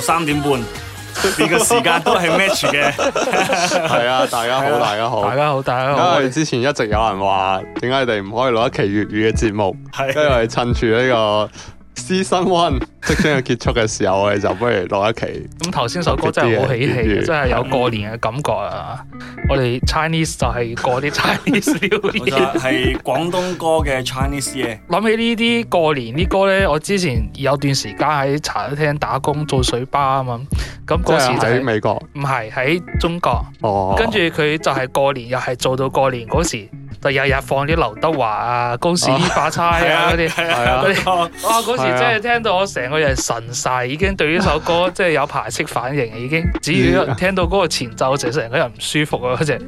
三點半，呢 個時間都係 match 嘅。係啊，大家好，大家好，大家好，大家好。因為我哋之前一直有人話，點解你哋唔可以錄一期粵語嘅節目？係的，因為趁住呢個《Season One》即將要結束嘅時候， 我哋就不如錄一期。咁頭先首歌真係好喜氣， 真係有過年嘅感覺啊！ 我哋 Chinese 就係嗰啲 Chinese 嗰啲，係廣東歌嘅 Chinese 嘅。諗起呢啲過年啲歌呢，我之前有段時間喺茶餐廳打工做水吧啊嘛，咁嗰時就喺、係、美國，唔係喺中國。哦、跟住佢就係過年又係做到過年嗰時，就日日放啲劉德華啊、恭喜發財啊嗰啲，嗰些 啊嗰 時真係聽到我成個人神晒，已經對呢首歌即係有排斥反應，已經只要聽到嗰個前奏，成世人個人唔舒服啊。多謝，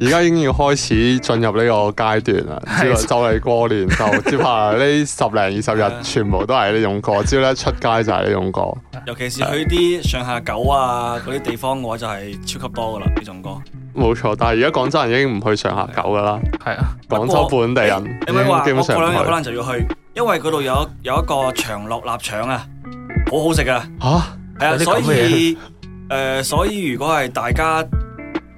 而家已經要開始進入呢個階段啦，就係過年就接下呢十零二十日，全部都係呢種歌，只要咧出街就係呢種歌。尤其是去啲上下九啊嗰啲地方嘅話，就係超級多噶啦呢種歌。冇錯，但係而家廣州人已經唔去上下九噶啦。係啊，廣州本地人，基本上話我過兩日可能就要去，因為嗰度有有一個長樂臘腸啊，好好食噶。吓，係啊，所以誒，所以如果係大家。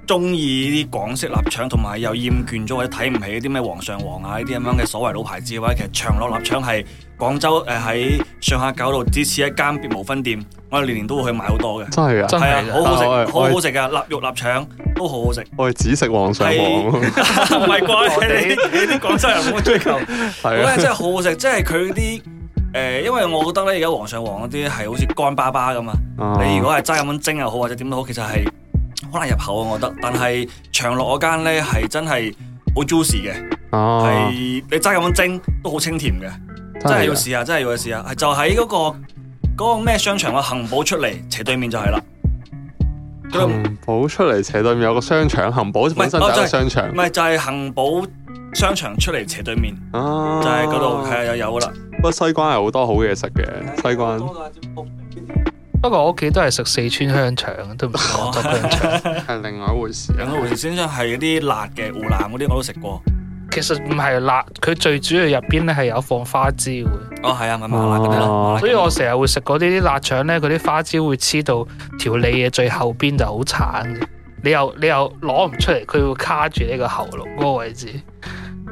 中意呢啲廣式臘腸，同埋又厭倦咗或者睇唔起啲咩皇上皇啊呢啲咁樣嘅所謂老牌子嘅話，其實長樂臘腸係廣州誒喺、呃、上下九度只此一間間，別無分店。我哋年年都會去買多好多嘅。真係啊，係啊，是立立好好食，好好食嘅臘肉臘腸都好好食。我哋只食皇上皇，唔係怪你， 你，你啲廣州人冇 追求。係的真係好好食，即係佢啲誒，因為我覺得咧，而家皇上皇嗰啲係好似乾巴巴咁啊。嗯、你如果係齋咁樣蒸又好，或者點都好，其實係。好難入口啊！我覺得，但係長樂嗰間咧係真係好 juicy 嘅，係你揸咁樣蒸都好清甜嘅，真係要試下，真係要試下。係就喺嗰個嗰個咩商場啊？恆寶出嚟斜對面就係啦。恆寶出嚟斜對面有個商場，恆寶本身就係商場，唔係就係恆寶商場出嚟斜對面，就係嗰度係啊，又有啦。不過西關係好多好嘢食嘅，西關。西關不過我屋企都係食四川香腸，都唔食廣州香腸係 另外一回事。另外一回事，先，腸係嗰啲辣嘅，湖南嗰啲我都食過。其實唔係辣，佢最主要入邊咧係有放花椒嘅。哦，係啊，咪麻辣嗰啲咯。慢慢慢慢所以我成日會食嗰啲辣腸咧，嗰啲花椒會黐到條脷嘅最後邊就好慘嘅。你又你又攞唔出嚟，佢會卡住你個喉嚨嗰個位置。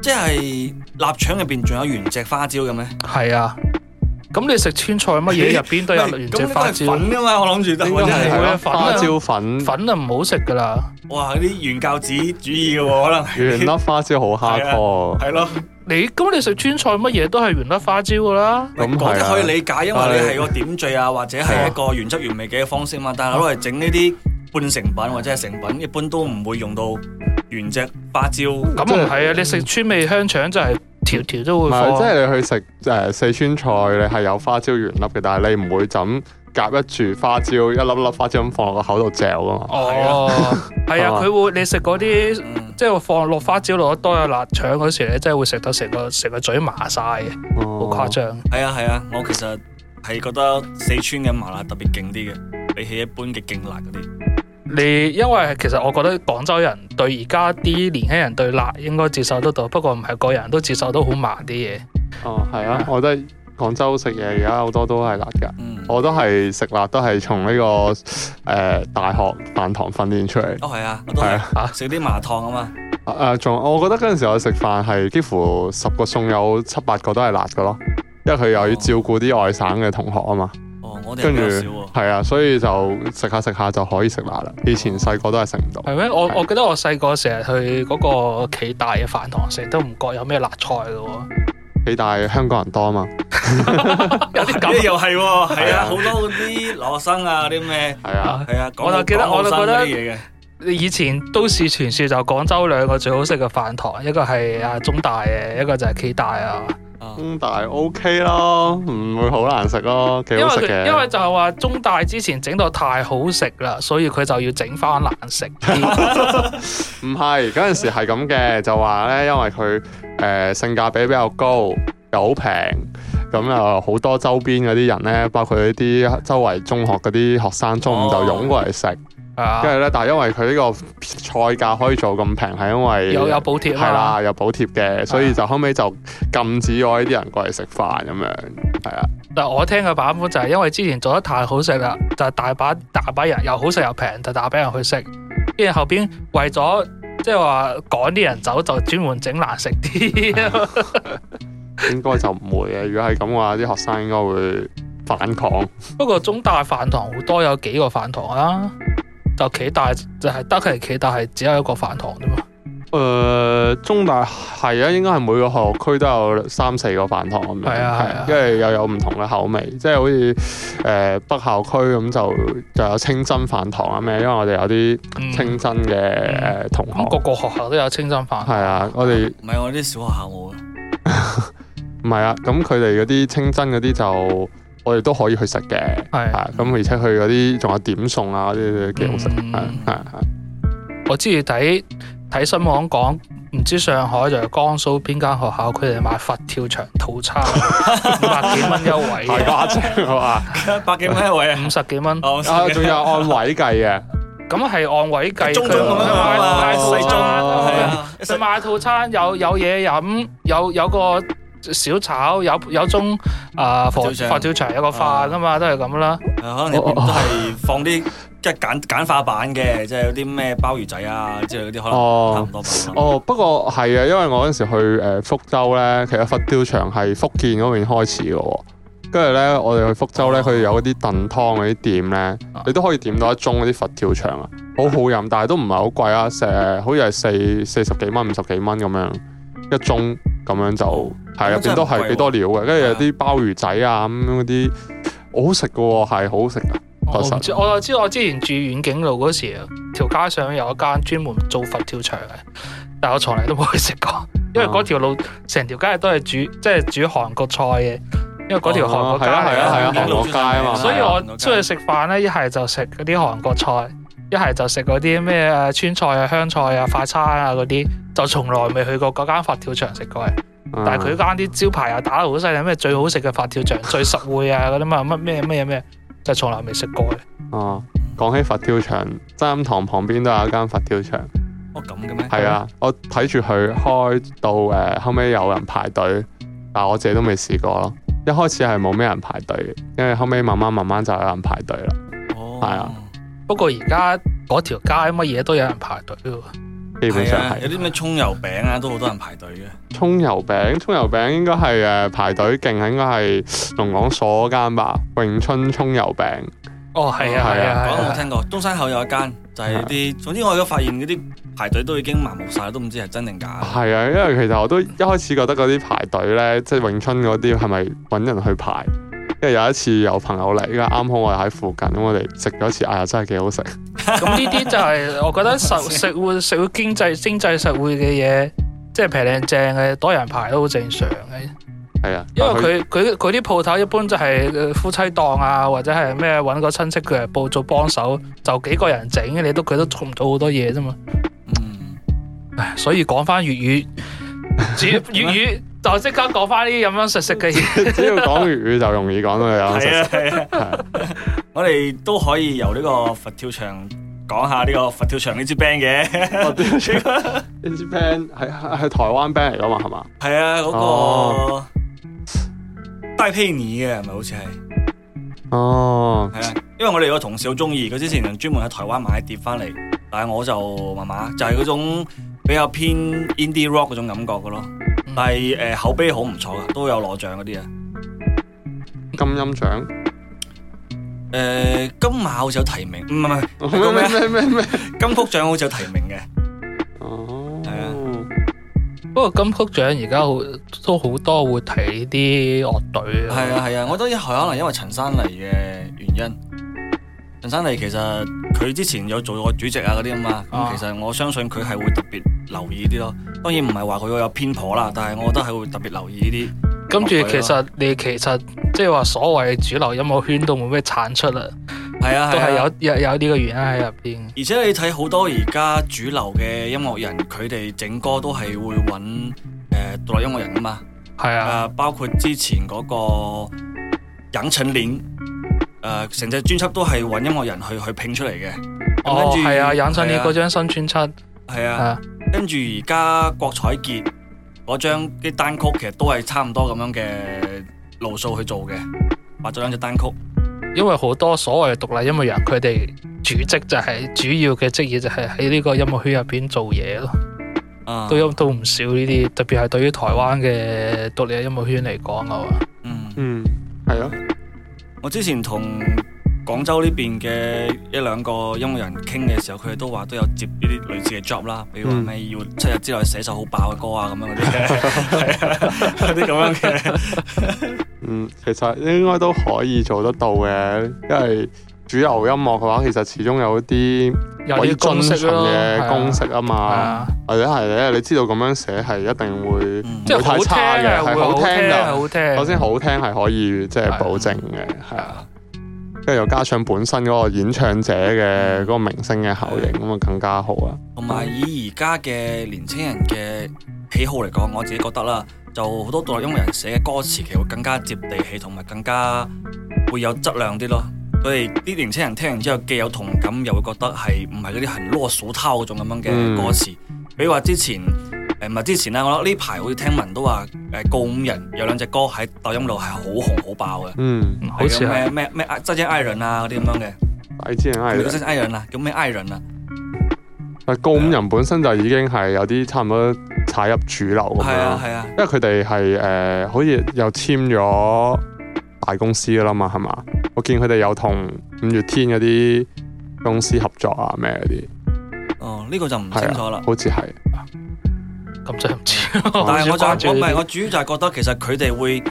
即係臘腸入邊仲有原隻花椒嘅咩？係啊。咁你食川菜乜嘢入邊都有原汁花椒，咁粉噶嘛？我諗住都係花椒粉，粉就唔好食噶啦。哇！啲原教旨主義喎，可能原粒花椒好下拖。係咯，你咁你食川菜乜嘢都係原粒花椒噶啦。咁嗰啲可以理解，因為你係個點綴啊，或者係一個原汁原味嘅方式嘛。但係攞嚟整呢啲半成品或者係成品，一般都唔會用到原隻花椒。咁唔係啊，你食川味香腸就係。條都會，即係你去食誒、呃、四川菜，你係有花椒原粒嘅，但係你唔會咁夾一住花椒一粒粒花椒咁放落個口度嚼咯。哦，係、哦、 啊，佢 會你食嗰啲即係放落花椒落得多有臘腸嗰時咧，你真係會食到成個成個嘴麻晒。嘅、哦，好誇張。係啊係啊，我其實係覺得四川嘅麻辣特別勁啲嘅，比起一般嘅勁辣嗰啲。你因為其實我覺得廣州人對而家啲年輕人對辣應該接受得到，不過唔係個人都接受到好麻啲嘢。哦，係啊，我覺得廣州食嘢而家好多都係辣㗎。嗯，我都係食辣，都係從呢個誒大學飯堂訓練出嚟。哦，係啊，都係啊，食啲麻湯啊嘛。誒、呃，仲我覺得嗰陣時候我食飯係幾乎十個餸有七八個都係辣嘅咯，因為佢又要照顧啲外省嘅同學啊嘛。跟住，係、哦、啊，所以就食下食下就可以食辣啦。以前細個都係食唔到。係咩？我我記得我細個成日去嗰個暨大嘅飯堂食，都唔覺有咩辣菜咯。暨大香港人多啊嘛，有啲咁又係，係啊，啊啊啊好多嗰啲留學生啊，啲咩，係啊，係啊，啊我就記得，我就覺得，你以前都市傳說就廣州兩個最好食嘅飯堂，一個係啊中大嘅，一個就係暨大啊。中大，嗯、OK 咯，唔會難好難食咯，幾好食嘅。因為就係話中大之前整到太好食啦，所以佢就要整翻難食。唔係， 嗰陣時係咁嘅，就話呢，因為佢誒、呃、性價比比較高，又好平，咁又好多周邊嗰啲人呢，包括啲周圍中學嗰啲學生，中午就湧過嚟食。哦跟住咧，但係因為佢呢個菜價可以做咁平，係因為又有補貼、啊，係啦，有補貼嘅，所以就後尾就禁止咗呢啲人過嚟食飯咁樣，係啊。但，我聽嘅版本就係因為之前做得太好食啦，就大把大把人又好食又平，就大把人去食。跟住後邊為咗即係話趕啲人走，就專門整難食啲。應該就唔會啊！如果係咁嘅話，啲學生應該會反抗。不過中大飯堂好多有幾個飯堂啦、啊。有企大就係得佢企大，係只有一個飯堂啫嘛。誒，中大係啊，應該係每個學校區都有三四個飯堂咁樣。係啊，係啊，因為又有唔同嘅口味，即係好似誒、呃、北校區咁就就有清真飯堂啊咩。因為我哋有啲清真嘅同學。咁個、嗯嗯嗯、個學校都有清真飯堂？係啊，我哋唔係我啲小學校喎。唔係啊，咁佢哋嗰啲清真嗰啲就。我哋都可以去食嘅，係啊，咁而且去嗰啲仲有點餸啊，嗰啲幾好食，係係係。我之前睇睇新聞講，唔知上海定係江蘇邊間學校，佢哋賣佛跳牆套餐，五百幾蚊一位，太誇張啦！百幾蚊一位，五十幾蚊，仲有按位計嘅，咁係按位計，中中咁樣啦，細中啦，係啊，想買套餐有有嘢飲，有有個。小炒有有盅啊佛佛跳牆、啊、有個飯噶嘛，啊、都係咁啦。啊、可能你都係放啲即係簡簡化版嘅，即係、啊、有啲咩鮑魚仔啊之類嗰啲，啊、可能差唔多。哦，不過係啊，因為我嗰時去誒福州咧，其實佛跳牆係福建嗰邊開始噶，跟住咧我哋去福州咧，佢有啲燉湯嗰啲店咧，你都可以點到一盅嗰啲佛跳牆啊，好好飲，但係都唔係好貴啊，成好似係四四十幾蚊、五十幾蚊咁樣。一盅咁樣就係入邊都係幾多料嘅，跟住有啲鮑魚仔啊咁嗰啲，好、哦、好食噶，係好好食噶。我知我知，我之前住遠景路嗰時，條街上有一間專門做佛跳牆嘅，但我從來都冇去食過，因為嗰條路成條、啊、街都係煮即係、即係、煮韓國菜嘅，因為嗰條韓國街係啊係啊係啊韓、啊啊啊、國街啊嘛，所以我出去食飯咧，一係就食嗰啲韓國菜。一係就食嗰啲咩啊川菜啊香菜啊快餐啊嗰啲，就從來未去過嗰間佛跳牆食過嘅。但係佢間啲招牌又、啊、打得好犀利，咩最好食嘅佛跳牆最實惠啊嗰啲嘛乜咩咩咩，就從來未食過嘅。哦，講起佛跳牆，三堂旁邊都有一間佛跳牆。哦咁嘅咩？係啊，我睇住佢開到誒，後尾有人排隊，但我自己都未試過咯。一開始係冇咩人排隊，因為後尾慢慢慢慢就有人排隊啦。哦，係啊。不過而家嗰條街乜嘢都有人排隊，基本上係有啲咩蔥油餅啊，都好多人排隊嘅。蔥油餅，蔥油餅應該係誒排隊勁，應該係龍港所間吧？永春蔥油餅。哦，係啊，係啊，講到我聽過，東山口有一間，就係啲。總之我而家發現嗰啲排隊都已經麻木晒，都唔知係真定假。係啊，因為其實我都一開始覺得嗰啲排隊咧，即係詠春嗰啲，係咪揾人去排？即係有一次有朋友嚟，依家啱好我哋喺附近，咁我哋食咗一次，哎呀，真係幾好食。咁呢啲就係我覺得食食會食會經濟經濟實惠嘅嘢，即係平靚正嘅，多人排都好正常嘅。係啊呀，因為佢佢佢啲鋪頭一般就係夫妻檔啊，或者係咩揾個親戚佢嚟幫做幫手，就幾個人整嘅。你都佢都做唔到好多嘢啫嘛。嗯，所以講翻粵語，主要 粵語。 就即刻講翻啲咁樣熟悉嘅嘢，只要講粵語就容易講到有。我哋都可以由呢個佛跳牆講下呢個佛跳牆呢支 band 嘅佛跳牆呢支 band 係係台灣 band 嚟噶嘛，係嘛？係啊，嗰個戴佩妮嘅咪好似係哦，係、哦、 啊，啊那個哦、 因為我哋個同事好中意，佢之前專門喺台灣買碟翻嚟，但係我就麻麻，就係、是、嗰種。比較偏 indie rock 嗰種感覺嘅咯，但係誒口碑好唔錯噶，都有攞獎嗰啲啊，金音獎，誒金馬好似有提名，唔係唔係，咩咩咩咩，麼 金曲獎好似有提名嘅，哦，係啊，不過金曲獎而家好都好多會睇啲樂隊，係 啊係啊，我覺得以後可能因為陳珊妮嘅原因。陳生嚟，其實佢之前有做過主席啊嗰啲啊嘛，咁其實我相信佢係會特別留意啲咯。當然唔係話佢會有偏頗啦，但係我覺得係會特別留意呢啲。跟住其實你其實即係話所謂主流音樂圈都冇咩產出啦，係啊，都係有有有呢個原因喺入邊。而且你睇好多而家主流嘅音樂人，佢哋整歌都係會揾誒獨立音樂人噶嘛，係啊，包括之前嗰個楊丞琳。誒，成隻專輯都係揾音樂人去去拼出嚟嘅。哦，跟住，係啊，引申麗嗰張新專輯，係啊，跟住而家郭采潔嗰張啲單曲，其實都係差唔多咁樣嘅路數去做嘅，發咗兩隻單曲。因為好多所謂獨立音樂人，佢哋主職就係主要嘅職業就係喺呢個音樂圈入邊做嘢咯。嗯、都有都唔少呢啲，特別係對於台灣嘅獨立音樂圈嚟講嘅話，嗯，係啊、嗯。我之前同廣州呢邊嘅一兩個音樂人傾嘅時候，佢哋都話都有接呢啲類似嘅 job 啦，比如話咩要七日之內寫首好爆嘅歌 啊，咁樣嗰啲，係啊，嗰啲咁樣嘅，嗯，其實應該都可以做得到嘅，因為。主流音樂嘅話，其實始終有一啲有啲公式嘅公式啊嘛，或者係咧，你知道咁樣寫係一定會即係好差嘅，係好聽嘅，首先好聽係可以即係保證嘅，係啊，跟住又加上本身嗰個演唱者嘅嗰個明星嘅效應咁啊，更加好啊。同埋以而家嘅年青人嘅喜好嚟講，我自己覺得啦，就好多獨立音樂人寫嘅歌詞，其實會更加接地氣，同埋更加會有質量啲咯。我哋啲年青人聽完之後，既有同感，又會覺得係唔係嗰啲係囉嗦濤嗰種咁樣嘅歌詞。嗯、比如話之前誒，唔、呃、係之前啦，我諗呢排好似聽聞都話誒、呃，告五人有兩隻歌喺抖音度係好紅好爆嘅。嗯，好似咩咩咩 Iron 啊嗰啲咁樣嘅。Iron 啊，叫咩愛人啊？啊，告五人本身就已經係有啲差唔多踩入主流咁。係啊係啊，嗯、因為佢哋係誒，好似又簽咗。大公司噶啦嘛，係嘛？我見佢哋有同五月天嗰啲公司合作啊，咩嗰啲。哦，呢、這個就唔清楚啦、啊。好似係。咁真係但係我就 我唔係，我主要就係覺得其實佢哋會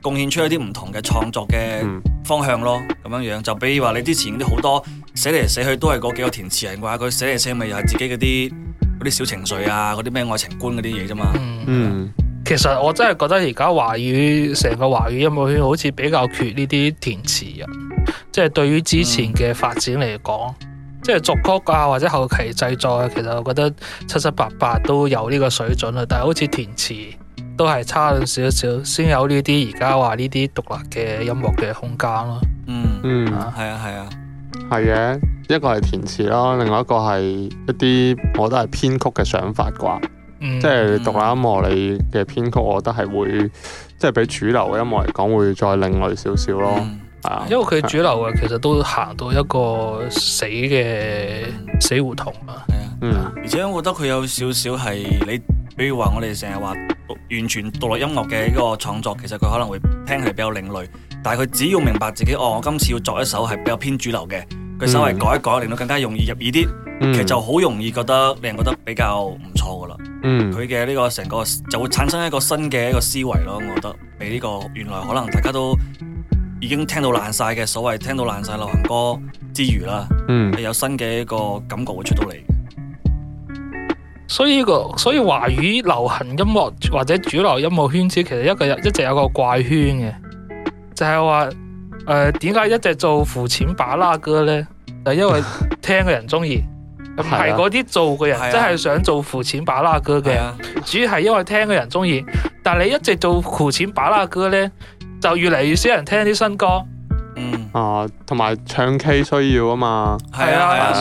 貢獻出一啲唔同嘅創作嘅方向咯。咁、嗯、樣樣就比如話你之前啲好多寫嚟寫去都係嗰幾個填詞人嘅話，佢寫嚟寫咪又係自己嗰啲啲小情緒啊，嗰啲咩愛情觀嗰啲嘢啫嘛。嗯。嗯其實我真係覺得而家華語成個華語音樂圈好似比較缺呢啲填詞人，即、就、係、是、對於之前嘅發展嚟講，嗯、即係作曲啊或者後期製作、啊，其實我覺得七七八八都有呢個水準啦。但係好似填詞都係差咗少少，先有呢啲而家話呢啲獨立嘅音樂嘅空間咯。嗯嗯，係啊係啊，係嘅、啊啊，一個係填詞咯，另外一個係一啲我覺得係編曲嘅想法啩。嗯、即係獨立音樂你嘅編曲，我覺得係會即係比主流嘅音樂嚟講會再另類少少咯，嗯、係啊。因為佢主流嘅其實都行到一個死嘅死胡同啊。嗯，而且我覺得佢有少少係你，比如話我哋成日話完全獨立音樂嘅一個創作，其實佢可能會聽起比較另類，但係佢只要明白自己，哦，我今次要作一首係比較偏主流嘅。佢稍微改一改，令到更加容易入耳啲，嗯、其實就好容易覺得令人覺得比較唔錯噶啦。佢嘅呢個成個就會產生一個新嘅一個思維咯，我覺得。俾呢個原來可能大家都已經聽到爛晒嘅所謂聽到爛晒流行歌之餘啦，係、嗯、有新嘅一個感覺會出到嚟嘅。所以個所以華語流行音樂或者主流音樂圈子其實一個一直有個怪圈嘅，就係話。誒，點解、呃、一直做浮淺把啦歌咧？就是、因為聽嘅人鍾意，唔係嗰啲做嘅人真係想做浮淺把啦歌嘅， 主要係因為聽嘅人鍾意。但你一直做浮淺把啦歌咧，就越嚟越少人聽啲新歌。嗯啊，同埋唱 K 需要啊嘛，係啊，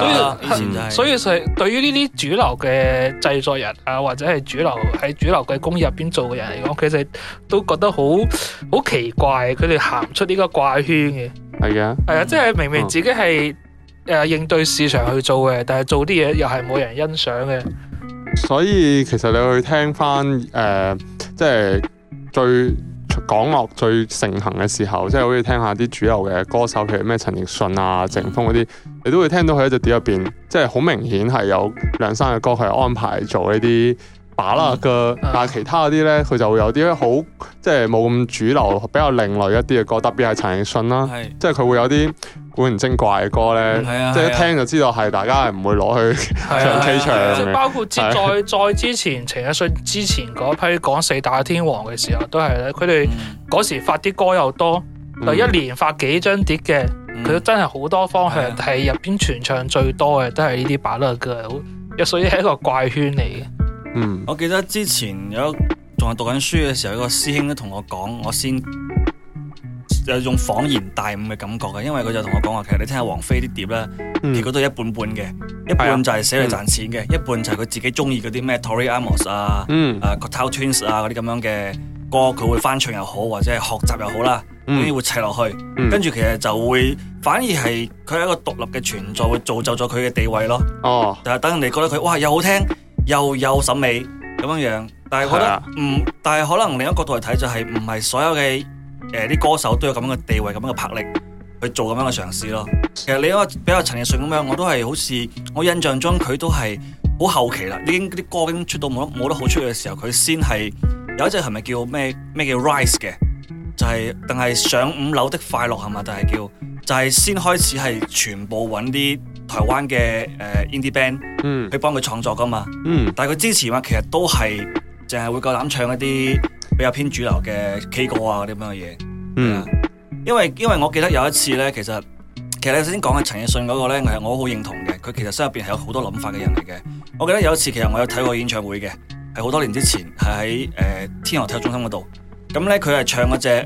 所以所以就係對於呢啲主流嘅製作人啊，或者係主流喺主流嘅工業入邊做嘅人嚟講，其實都覺得好好奇怪，佢哋行出呢個怪圈嘅。係啊，係啊，即係明明自己係誒、啊、應對市場去做嘅，但係做啲嘢又係冇人欣賞嘅。所以其實你去聽翻誒、呃，即係最。港樂最盛行嘅時候，即係好似聽下啲主流嘅歌手，譬如咩陳奕迅啊、鄭峰嗰啲，你都會聽到佢一隻碟入邊，即係好明顯係有兩三嘅歌，佢係安排做呢啲，把啦嘅，但係其他嗰啲咧，佢就會有啲好，即係冇咁主流，比較另類一啲嘅歌，特別係陳奕迅啦，即係佢會有啲古靈精怪嘅歌咧，即係一聽就知道係大家係唔會攞去唱 K 唱嘅。即係包括再再之前陳奕迅之前嗰批講四大天王嘅時候都係咧，佢哋嗰時發啲歌又多，又一連發幾張碟嘅，佢真係好多方向，但係入邊全唱最多嘅都係呢啲把啦嘅歌。亦所以係一個怪圈嚟嘅。Mm hmm. 我記得之前有仲係讀緊書嘅時候，有一個師兄都同我講，我先有種恍然大悟嘅感覺嘅，因為佢就同我講話，其實你聽下王菲啲碟咧，結果、mm hmm. 都一半半嘅，一半就係寫嚟賺錢嘅，yeah. mm hmm. 一半就係佢自己中意嗰啲咩 Tori Amos 啊，誒 Cocteau Twins 啊嗰啲咁樣嘅歌，佢會翻唱又好，或者係學習又好啦，咁樣、mm hmm. 會砌落去，mm hmm. 跟住其實就會反而係佢係一個獨立嘅存在，會造就咗佢嘅地位咯。Oh. 但就係等你哋覺得佢哇，哇又好聽。又有審美咁樣樣，但係我覺得唔的、嗯，但係可能另一個角度嚟睇，就係唔係所有嘅誒啲歌手都有咁樣嘅地位，咁樣嘅魄力去做咁樣嘅嘗試咯。其實你話比較陳奕迅咁樣，我都係好似我印象中佢都係好後期啦，已經啲歌已經出到冇冇得好出嘅時候，佢先係有一隻係咪叫咩咩叫 Rise 嘅，就係定係上五樓的快樂係咪？定係、就係、叫就係、係、先開始係全部揾啲。台灣嘅誒、呃、indie band、嗯、去幫佢創作㗎嘛，嗯、但係佢之前話，其實都係淨係會夠膽唱一啲比較偏主流嘅 K 歌啊，嗰啲咁嘅嘢。嗯、因為因為我記得有一次咧，其實其實你頭先講嘅陳奕迅嗰個咧，我係我好認同嘅，佢其實身入邊係有好多諗法嘅人嚟嘅。我記得有一次，其實我有睇過演唱會嘅，係好多年之前，係喺誒天河體育中心嗰度。咁咧，佢係唱嗰隻誒《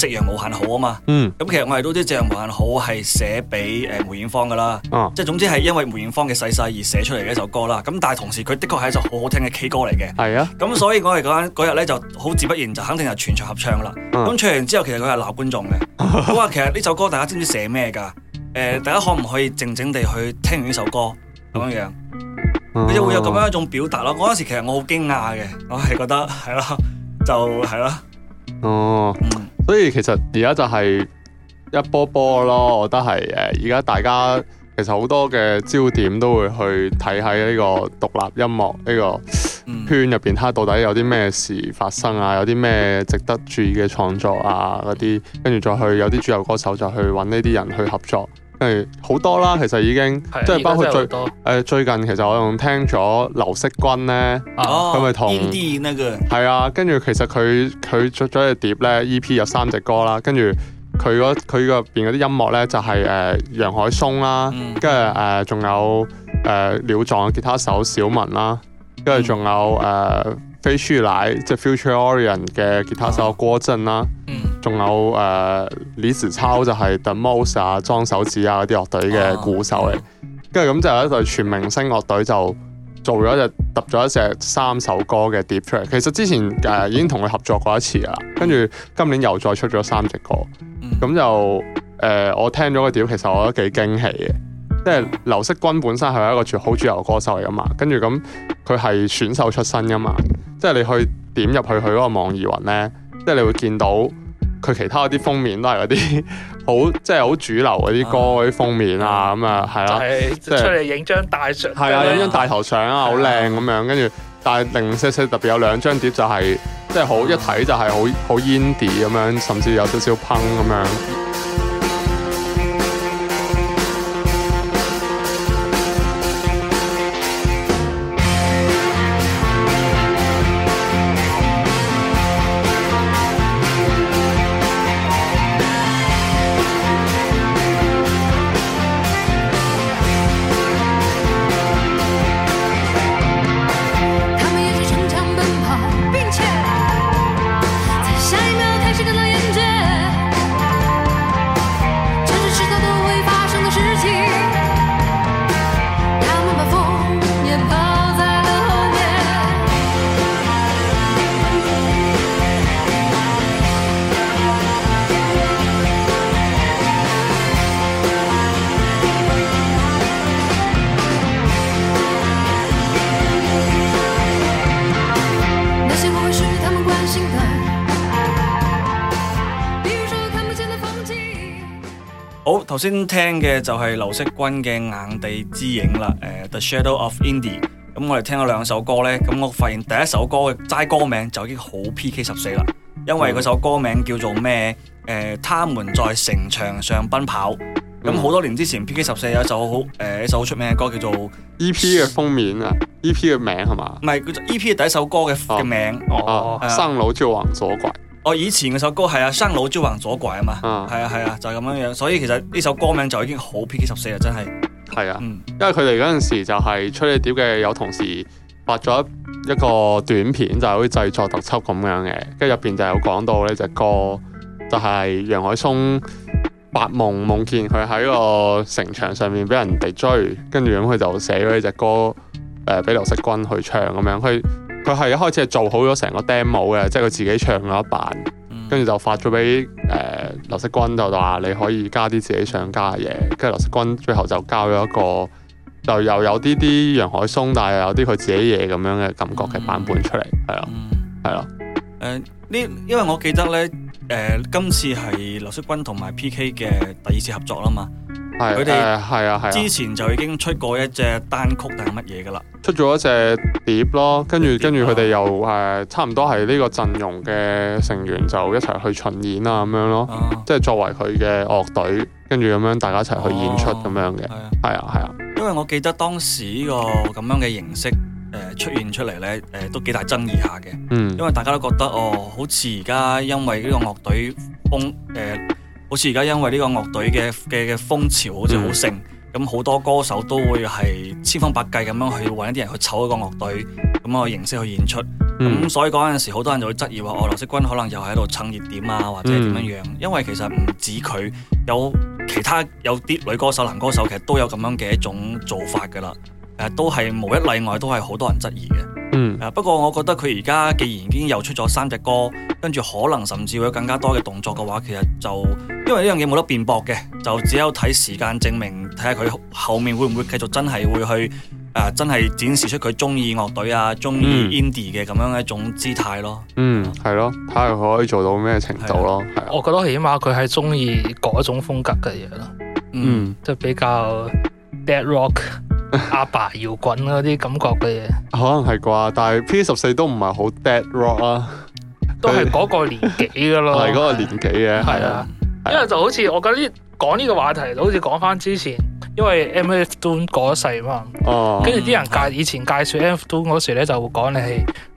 夕陽無限好》啊嘛。嗯、呃。咁其實我哋都知《夕陽無限好》係寫俾誒梅艷芳噶啦。啊、即係總之係因為梅艷芳嘅逝世而寫出嚟嘅一首歌啦。咁但係同時佢的確係一首好好聽嘅 K 歌嚟嘅。係啊、嗯。咁所以我哋嗰日咧就好自不然就肯定係全場合唱啦。啊、嗯。咁唱完之後，其實佢係鬧觀眾嘅。佢話 其實呢首歌大家知唔知寫咩噶？誒、呃，大家可唔可以靜靜地去聽完呢首歌咁樣？嗯。佢就會有咁樣一種表達咯。嗰時其實我好驚訝嘅，我係覺得係咯。 就係咯，哦，所以其實而家就係一波波咯，我覺得係誒，而家大家其實好多嘅焦點都會去睇喺呢個獨立音樂呢個圈入邊，睇下到底有啲咩事發生啊，有啲咩值得注意嘅創作啊嗰啲，跟住再去有啲主流歌手就去搵呢啲人去合作。係好、嗯、多啦，其實已經對即係包括最誒、呃、最近，其實我仲聽咗劉惜君咧，佢咪同係啊。跟住其實佢佢出咗隻碟咧，E.P. 有三隻歌啦。跟住佢嗰佢入邊嗰啲音樂咧，就係誒楊海松啦，跟住誒仲有誒、呃、鳥狀吉他手小文啦，跟住仲有誒。嗯嗯飛書奶即係 Future Orient 嘅吉他手、oh. 郭振啦，仲有誒、呃、李子超就係 The Moses 裝、啊、手指啊啲樂隊嘅鼓手嚟，跟住咁就有一隊全明星樂隊就做咗一隻揼咗一隻三首歌嘅碟出嚟。其實之前誒、呃、已經同佢合作過一次啦，跟住今年又再出咗三隻歌，咁、oh. 就誒、呃、我聽咗個碟，其實我覺得幾驚喜嘅。即係劉惜君本身係一個好主流歌手嚟噶嘛，跟住咁佢係選秀出身噶嘛，即係你去點入去佢嗰個網易雲呢，即係你會見到佢其他嗰啲封面都係嗰啲好即係好主流嗰啲歌嗰啲，啊、封面啊咁啊係咯，係出嚟影張大相係啊，影張，嗯、大頭相啊好靚咁樣，跟住對但係零零舍舍特別有兩張碟就係即係好一睇就係好好 indie 啲咁樣，die, 甚至有少少 punk 咁樣。先聽嘅就係劉惜君嘅硬地之影啦，誒、uh，The Shadow of Indie。咁、嗯、我哋聽咗兩首歌咧，咁、嗯、我發現第一首歌嘅齋歌名就已經好 P K 十四啦，因為嗰首歌名叫做咩？誒、呃，他們在城牆上奔跑。咁好多年之前 P K 十四有首好誒一首、呃、一首出名嘅歌叫做 E P 嘅封面啊，E P 嘅名係嘛？唔係叫做 E P 嘅第一首歌嘅嘅、oh, 名。Oh, uh, 上樓就往左拐。我以前嗰首歌係啊,啊，生老招橫左拐啊嘛，係啊係啊，就咁、是、樣樣，所以其實呢首歌名就已經好 P K 十四啊，真係、嗯，係啊，因為佢哋嗰陣時就係出嚟碟嘅有同事發咗一個短片，就係好似製作特輯咁樣嘅，跟住入邊就有講到呢隻歌,歌，就係楊海松發夢夢見佢喺個城牆上面俾人哋追，跟住咁佢就寫咗呢隻歌，誒，俾劉惜君去唱咁樣去。佢係一開始係做好咗成個 demo 嘅，即係佢自己唱咗一版，跟住、嗯、就發咗俾誒劉惜君。就話你可以加啲自己想加嘅嘢，跟住劉惜君最後就交咗一個就又有啲啲楊海松，但係又有啲佢自己嘢咁樣嘅感覺嘅版本出嚟，係咯，係咯，誒呢，因為我記得咧，誒、呃、今次係劉惜君同埋 PK 嘅第二次合作啦嘛。係係啊係啊。啊，之前就已經出過一隻單曲定係乜嘢噶啦，出咗一隻碟咯。跟住跟住，佢哋又誒，差唔多係呢個陣容嘅成員就一齊去巡演啊咁樣咯。啊、即係作為佢嘅樂隊，跟住咁樣大家一齊去演出咁、哦、樣嘅。係啊係啊。啊啊因為我記得當時呢、這個咁樣嘅形式誒、呃、出現出嚟咧，誒、呃、都幾大爭議下嘅。嗯。因為大家都覺得哦，好似而家因為呢個樂隊風誒。呃呃好似而家因為呢個樂隊嘅嘅風潮好似好盛，咁好、嗯、多歌手都會係千方百計咁樣去搵一啲人去湊一個樂隊咁嘅形式去演出，咁、嗯、所以嗰陣時好多人就會質疑話劉惜君可能又喺度蹭熱點啊，或者點樣樣？嗯、因為其實唔止佢，有其他有啲女歌手、男歌手其，其實都有咁樣嘅一種做法噶啦，誒，都係無一例外，都係好多人質疑嘅。嗯啊、不過我覺得佢而家既然已經又出咗三隻歌，跟住可能甚至會有更加多嘅動作嘅話，其實就因為呢樣嘢冇得辯駁嘅，就只有睇時間證明，睇下佢後面會唔會繼續真係會去誒、啊、真係展示出佢中意樂隊啊，中意 Indie 嘅咁樣一種姿態咯。嗯，係咯、嗯，睇下佢可以做到咩程度咯。吧我覺得起碼佢係中意各一種風格嘅嘢咯。嗯，嗯就比較 Dead Rock。阿爸搖滾嗰啲感覺嘅嘢，可能係啩，但係 P 十四都唔係好 Dead Rock 啦，啊， 都係嗰個年紀噶咯，係嗰 個年紀嘅，係啊，因為就好似我講呢講呢個話題，好似講翻之前，因為 MF Doom 過咗世嘛，哦，跟住啲人介以前介紹 MF Doom 嗰時咧，就會講你。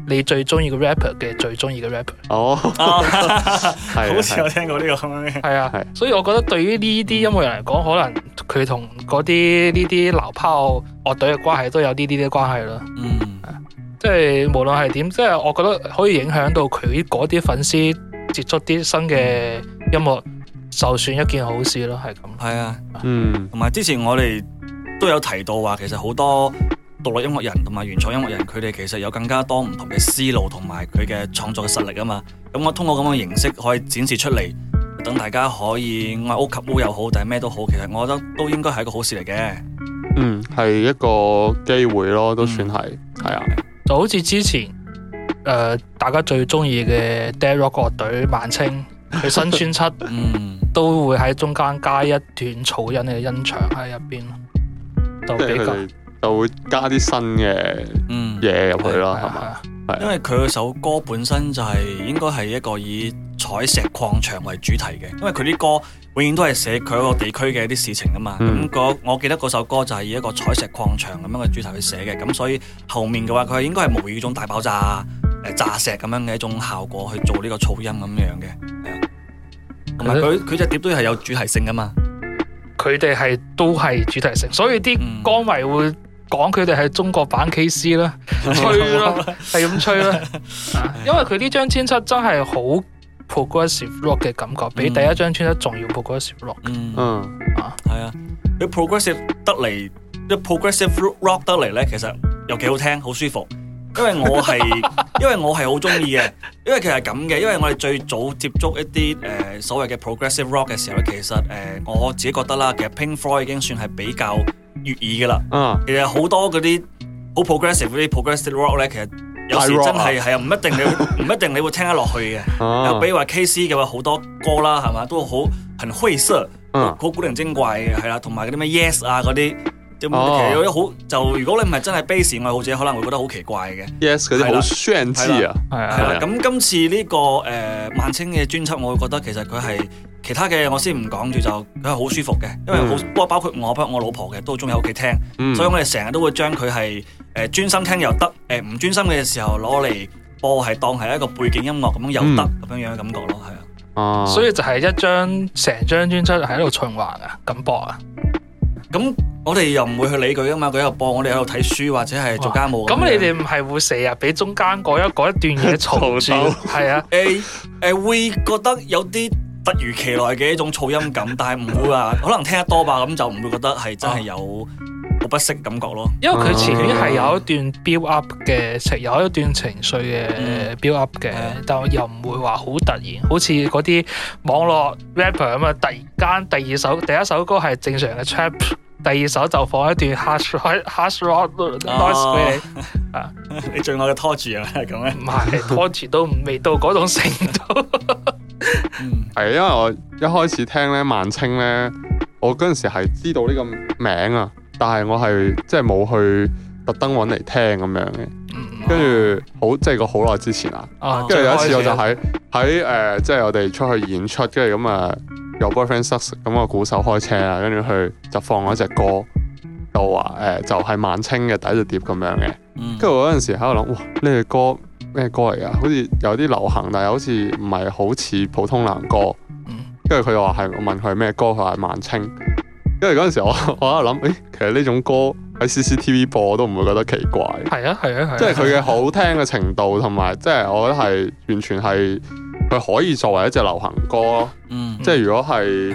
你最中意嘅 rapper 嘅最中意嘅 rapper 哦，oh. 好似我聽過呢個咁樣嘅，係 啊，所以我覺得對於呢啲音樂人嚟講，可能佢同嗰啲呢啲流拋樂隊嘅關係都有呢啲啲關係咯。嗯、mm. 啊，即係無論係點，即係我覺得可以影響到佢嗰啲粉絲接觸啲新嘅音樂，就算一件好事咯，係咁，係啊，嗯，同埋之前我哋都有提到話，其實好多。獨立音樂人同埋原創音樂人，佢哋其實有更加多唔同嘅思路同埋佢嘅創作嘅實力啊嘛。咁我通過咁嘅形式可以展示出嚟，等大家可以嗌 o c u 又好，定係咩都好，其實我覺得都應該係一個好事嚟嘅。嗯，係一個機會咯，都算係。係、嗯、啊，就好似之前誒、呃，大家最中意嘅 Dead Rock 樂隊，萬青佢新專輯， 嗯，都會喺中間加一段草音嘅音牆喺入邊，就比較。就會加啲新嘅嘢入去咯，係嘛？係因為佢首歌本身就係應該係一個以彩石礦場為主題嘅，因為佢啲歌永遠都係寫佢嗰個地區嘅一啲事情啊嘛。咁、嗯嗰個，我記得嗰首歌就係以一個彩石礦場咁樣嘅主題去寫嘅，咁所以後面嘅話佢應該係模擬一種大爆炸誒炸石咁樣嘅一種效果去做呢個噪音咁樣嘅。同埋佢佢隻碟都係有主題性噶嘛，佢哋係都係主題性，所以啲歌迷會。講佢哋係中國版 K.C. 啦，吹 啦，係咁吹啦， 因為佢呢張專輯真係好 progressive rock 嘅感覺，嗯、比第一張專輯仲要 progressive rock。嗯，啊，係啊，你 progressive 得嚟，你 progressive rock 得嚟咧，其實又幾好聽，好舒服。因為我係， 因為我係好中意嘅，因為其實咁嘅，因為我哋最早接觸一啲誒、呃、所謂嘅 progressive rock 嘅時候，其實誒、呃、我自己覺得啦，其實 Pink Floyd 已經算係比較。悅耳嘅啦，uh, 其實好多嗰啲好 progressive 嗰啲 progressive rock 咧，其實有時真係係啊，唔一定你唔 一定你會聽得落去嘅。有、uh, 比如話 KC 嘅話，好多歌啦，係嘛，都好很晦澀，好、uh, 古靈精怪嘅，係啦，同埋嗰啲咩 Yes 啊嗰啲。哦，有啲好就如果你唔係真係 base 愛好者，可能會覺得好奇怪嘅。Yes，嗰啲好炫技啊！係啦，咁今次呢個誒萬青嘅專輯，我會覺得其實佢係其他嘅我先唔講住，就佢係好舒服嘅，因為好包包括我包我老婆嘅都中意喺屋企聽，所以我哋成日都會將佢係誒專心聽又得，誒唔專心嘅時候攞嚟播係當係一個背景音樂咁樣又得咁樣樣嘅感覺咯，係啊。哦，所以就係一張成張專輯喺度循環啊，咁播啊。咁我哋又唔會去理佢噶嘛，佢喺度播，我哋喺度睇書或者係做家務。咁你哋唔係會成日俾中間嗰一一段嘢嘈住？係 著啊，誒誒、欸欸，會覺得有啲突如其來嘅一種噪音感，但係唔會話 可能聽得多吧，咁就唔會覺得係真係有。啊好不識感覺咯，因為佢前面係有一段 build up 嘅，有一段情緒嘅 build up 嘅，嗯、但我又唔會話好突然，好似嗰啲網絡 rapper 咁啊。突然間第二首第一首歌係正常嘅 trap，第二首就放一段 hard hash rock nice 俾你啊。你最愛嘅拖住係咁咧？唔係拖住都未到嗰種程度，係 因為我一開始聽咧，萬青咧，我嗰陣時係知道呢個名啊。但係我係即係冇去特登揾嚟聽咁樣嘅，跟住、oh. 好即係個好耐之前啦。跟住有一次我就喺喺誒，即係我哋出去演出，跟住咁啊 Your Boyfriend Sucks 咁個鼓手開車啦，跟住佢就放咗隻歌，就話誒、呃、就係、是、萬青嘅第一隻碟咁樣嘅。跟住嗰陣時喺度諗，哇，呢隻歌咩歌嚟噶？好似有啲流行，但係好似唔係好似普通男歌。跟住佢又話係，我問佢咩歌，佢話萬青。因為嗰陣時我我喺度諗，誒、欸，其實呢種歌喺 CCTV 播我都唔會覺得奇怪。係啊係啊，即係佢嘅好聽嘅程度，同埋即係我覺得係完全係佢可以作為一隻流行歌。嗯，即係如果係，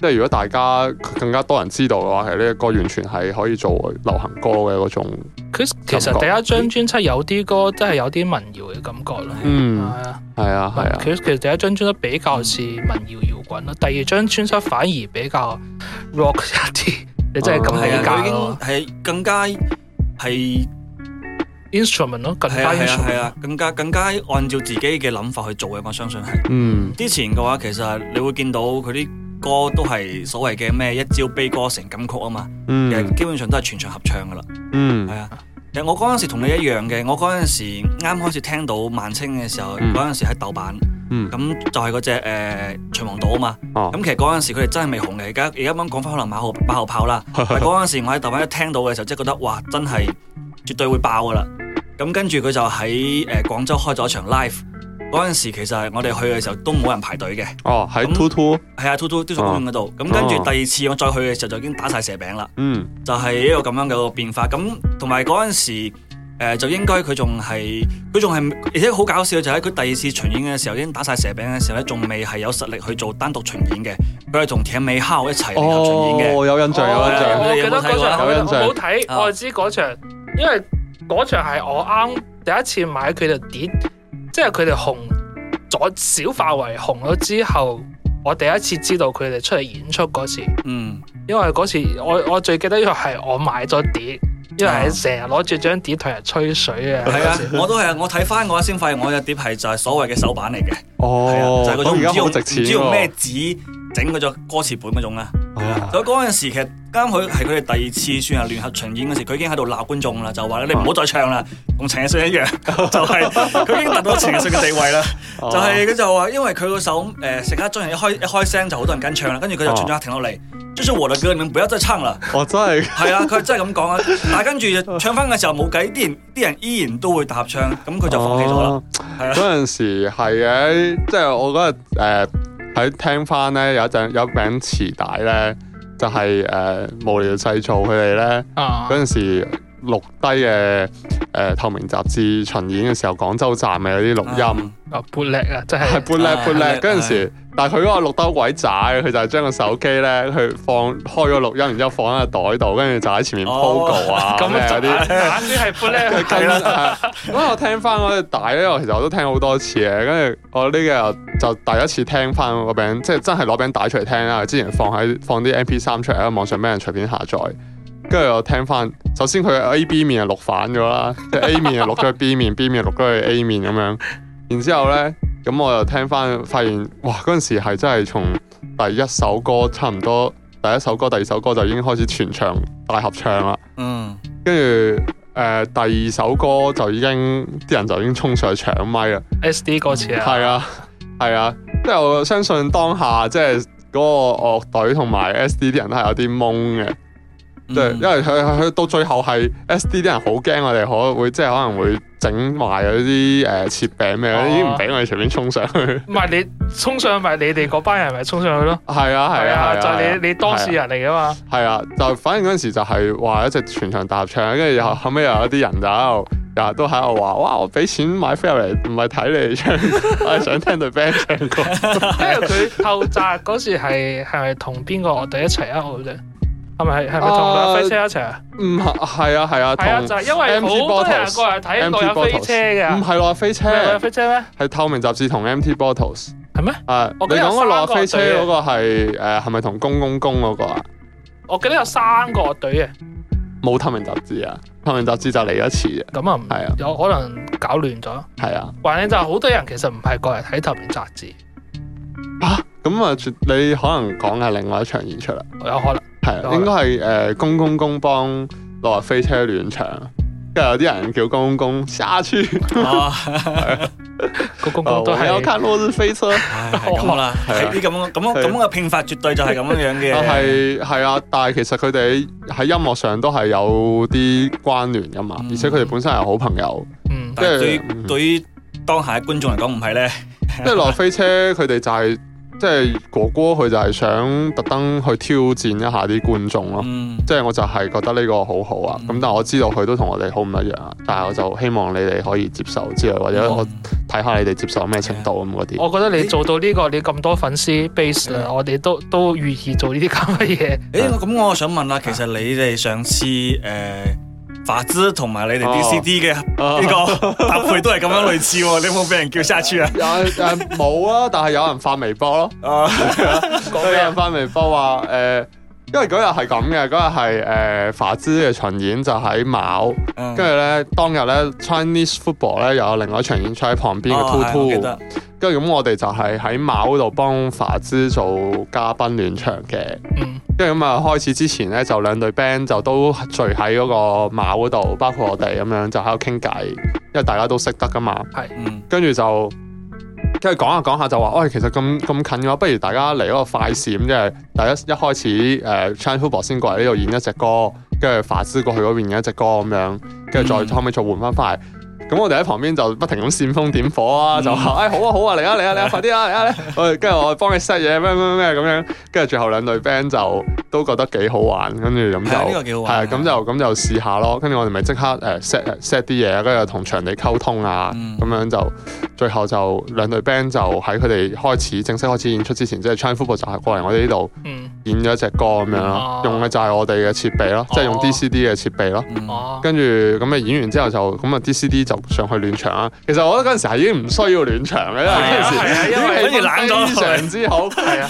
即係 如果大家更加多人知道嘅話，其實呢個歌完全係可以做流行歌嘅嗰種。佢其實第一張專輯有啲歌真係有啲民謠嘅感覺咯，係啊係啊係啊。佢、啊、其實第一張專輯比較似民謠搖滾啦，第二張專輯反而比較 rock 一啲，你即係更加係更加係 instrument 咯，更加係啊係啊，啊，啊，更加更加按照自己嘅諗法去做嘅，我相信係。嗯，之前嘅話其實你會見到佢啲。歌都係所謂嘅咩一朝悲歌成金曲啊嘛，嗯、其實基本上都係全場合唱噶啦，係啊、嗯。其實我嗰陣時同你一樣嘅，我嗰陣時啱開始聽到萬青嘅時候，嗰陣、嗯、時喺豆瓣，咁、嗯、就係嗰隻誒秦皇島啊嘛。咁、哦、其實嗰陣時佢哋真係未紅嘅，而家而家啱講翻可能馬後馬後炮啦。但係嗰陣 時我喺豆瓣一聽到嘅時候，即係覺得哇，真係絕對會爆噶啦。咁跟住佢就喺誒廣州開咗場 live。嗰陣時其實係我哋去嘅時候都冇人排隊嘅。哦，喺 Two Two。係啊，Two Two 雕塑公園度。咁跟住第二次我再去嘅時候就已經打晒蛇餅啦。嗯，就係一個咁樣嘅一個變化。咁同埋嗰陣時，誒就應該佢仲係佢仲係，而且好搞笑就喺佢第二次巡演嘅時候已經打晒蛇餅嘅時候咧仲未係有實力去做單獨巡演嘅，佢係同艇尾敲一齊嚟合巡演嘅。哦，有印象，有印象。我記得嗰場好好睇，我知嗰場，因為嗰場係我啱第一次買佢嘅碟。即係佢哋紅咗，小範圍紅咗之後，我第一次知道佢哋出嚟演出嗰次，嗯，因為嗰次我我最記得呢又係我買咗碟，因為成日攞住張碟同人吹水啊，係、嗯、次啊，我都係、哦、啊，我睇翻我先發現我嘅碟係就係所謂嘅手板嚟嘅，哦，我而家好值錢。整嗰種歌詞本嗰種啦，oh, yeah. 就嗰陣時其實啱佢係佢哋第二次算係聯合巡演嗰時，佢已經喺度鬧觀眾啦，就話你唔好再唱啦，同陳奕迅一樣，就係佢已經達到陳奕迅嘅地位啦，就係佢就話因為佢個首《食刻》家眾人一開一開聲就好多人跟唱啦，跟住佢就轉咗刻停落嚟，這是我的歌，你唔不要再唱啦，哦，真係，係啊，佢真係咁講啊，但係跟住唱翻嘅時候冇計，啲人啲人依然都會搭唱，咁佢就放棄咗啦。嗰陣時係嘅，即係我嗰日誒。呃 oh. 喺聽翻咧，有一張磁帶咧，就係、是、誒、呃、無聊細嘈佢哋咧嗰時。錄低嘅誒透明雜誌巡演嘅時候，廣州站嘅啲錄音，啊，半叻啊，真係係半叻半叻嗰陣時，但係佢嗰個錄得鬼仔，佢就係將個手機咧去放開咗錄音，然之後放喺個袋度，跟住就喺前面 pogo 啊，咁啊啲啱先係半叻佢跟，咁我聽翻嗰啲帶咧，其實我都聽好多次嘅，跟住我呢個就第一次聽翻個餅，即係真係攞餅帶出嚟聽啦，之前放喺放啲 M P 三出嚟啦，網上俾人隨便下載。跟住我聽翻，首先佢 A 面 B 面啊錄反咗啦，即係 A 面啊錄咗去 B 面，B 面錄咗去 A 面咁樣。然之後呢，咁我又聽翻，發現哇，嗰陣時係真係從第一首歌差唔多，第一首歌、第二首歌就已經開始全場大合唱啦。跟住誒，第二首歌就已經啲人就已經衝上去搶麥啊。S D 歌詞啊。係啊，係啊，因為我相信當下即係嗰、嗰個樂隊同埋 S D 啲人都係有啲懵嘅。因為佢佢到最後係 S D 啲人好驚我哋，可會即係可能會整埋嗰啲誒設備咩？呃啊、已經唔俾我哋隨便衝上去。唔係你衝上去，咪你哋嗰班人咪衝上去咯。係啊係啊，就你你當事人嚟噶嘛。係啊,啊,啊，就反正嗰陣時就係、是、話一直全場大合唱，跟住又後尾又有啲人走，又都喺度話：，哇！我俾錢買飛入嚟，唔係睇你唱，我係想聽對 band 唱歌。因為佢透襲嗰時係係咪同邊個樂隊一齊呃我啫？ 係咪係咪同落飛車一齊啊？唔係，係啊，係啊。係啊，就係因為好多人過嚟睇有飛車嘅。唔係落飛車咩？係透明雜誌同 MT Bottles。係咩？啊，你講嗰落飛車嗰個係誒，係咪同公公公嗰個啊？我記得有三個隊嘅。冇透明雜誌啊！透明雜誌就嚟一次嘅。咁啊，係啊，有可能搞亂咗。係啊，或者就係好多人其實唔係過嚟睇透明雜誌。嚇！咁啊，你可能講係另外一場演出啦，有可能。係，應該係誒公公公幫落日飛車暖場，跟住有啲人叫公公公沙村，公公公都係我睇落飛車。好啦，係啲咁樣咁樣咁樣嘅拼法，絕對就係咁樣樣嘅。係係啊，但係其實佢哋喺音樂上都係有啲關聯噶嘛，而且佢哋本身係好朋友。嗯，但係對對於當下嘅觀眾嚟講唔係咧，即係落日飛車佢哋就係。即係哥哥，佢就係想特登去挑戰一下啲觀眾咯。即係我就係覺得呢個好好啊。咁但係我知道佢都同我哋好唔一樣。但係我就希望你哋可以接受之類，或者我睇下你哋接受咩程度咁啲。我覺得你做到呢個，你咁多粉絲 base，我哋都都願意做呢啲咁嘅嘢。誒，咁我想問啦，其實你哋上次誒。法資同埋你哋 D C D 嘅呢個搭配都係咁樣的類似，哦， 你有冇俾人叫 shout out 啊？誒冇啊，但係有人發微博咯，講俾 人發微博話因為嗰日係咁嘅，嗰日係誒法茲嘅巡演就喺馬，跟住咧當日咧 Chinese Football 咧又有另外一場演出喺旁邊嘅 Tutu 跟住咁我哋就係喺馬嗰度幫法茲做嘉賓暖場嘅。跟住咁啊開始之前咧就兩隊 band 就都聚喺嗰個馬嗰度，包括我哋咁樣就喺度傾偈，因為大家都識得㗎嘛。係、嗯，跟住就。跟住講下講下就話，喂、哎，其實咁咁近嘅話，不如大家嚟一個快閃，即係第一一開始誒，Chan Huber 先過嚟呢度演一隻歌，跟住法師過去嗰邊演一隻歌咁樣，跟住再後尾再換翻翻嚟。咁我哋喺旁邊就不停咁煽風點火啊，就話，誒好啊好啊，嚟啊嚟啊嚟啊，快啲啊嚟啊！我哋跟住我幫你 set 嘢，咩咩咩咁樣。跟住最後兩隊 band 就都覺得幾好玩，跟住咁就係啊，咁就咁就試下咯。跟住我哋咪即刻 set set 啲嘢，跟住同場地溝通啊，咁樣就最後就兩隊 band 就喺佢哋開始正式開始演出之前，即係 Chinese Football 就係過嚟我哋呢度演咗一隻歌咁樣咯，用嘅就係我哋嘅設備咯，即係用 D C D 嘅設備咯。跟住咁咪演完之後就咁啊 D C D 就上去暖場啊！其實我覺得嗰陣時係已經唔需要暖場嘅，因為嗰陣時已經非常之好。係啊，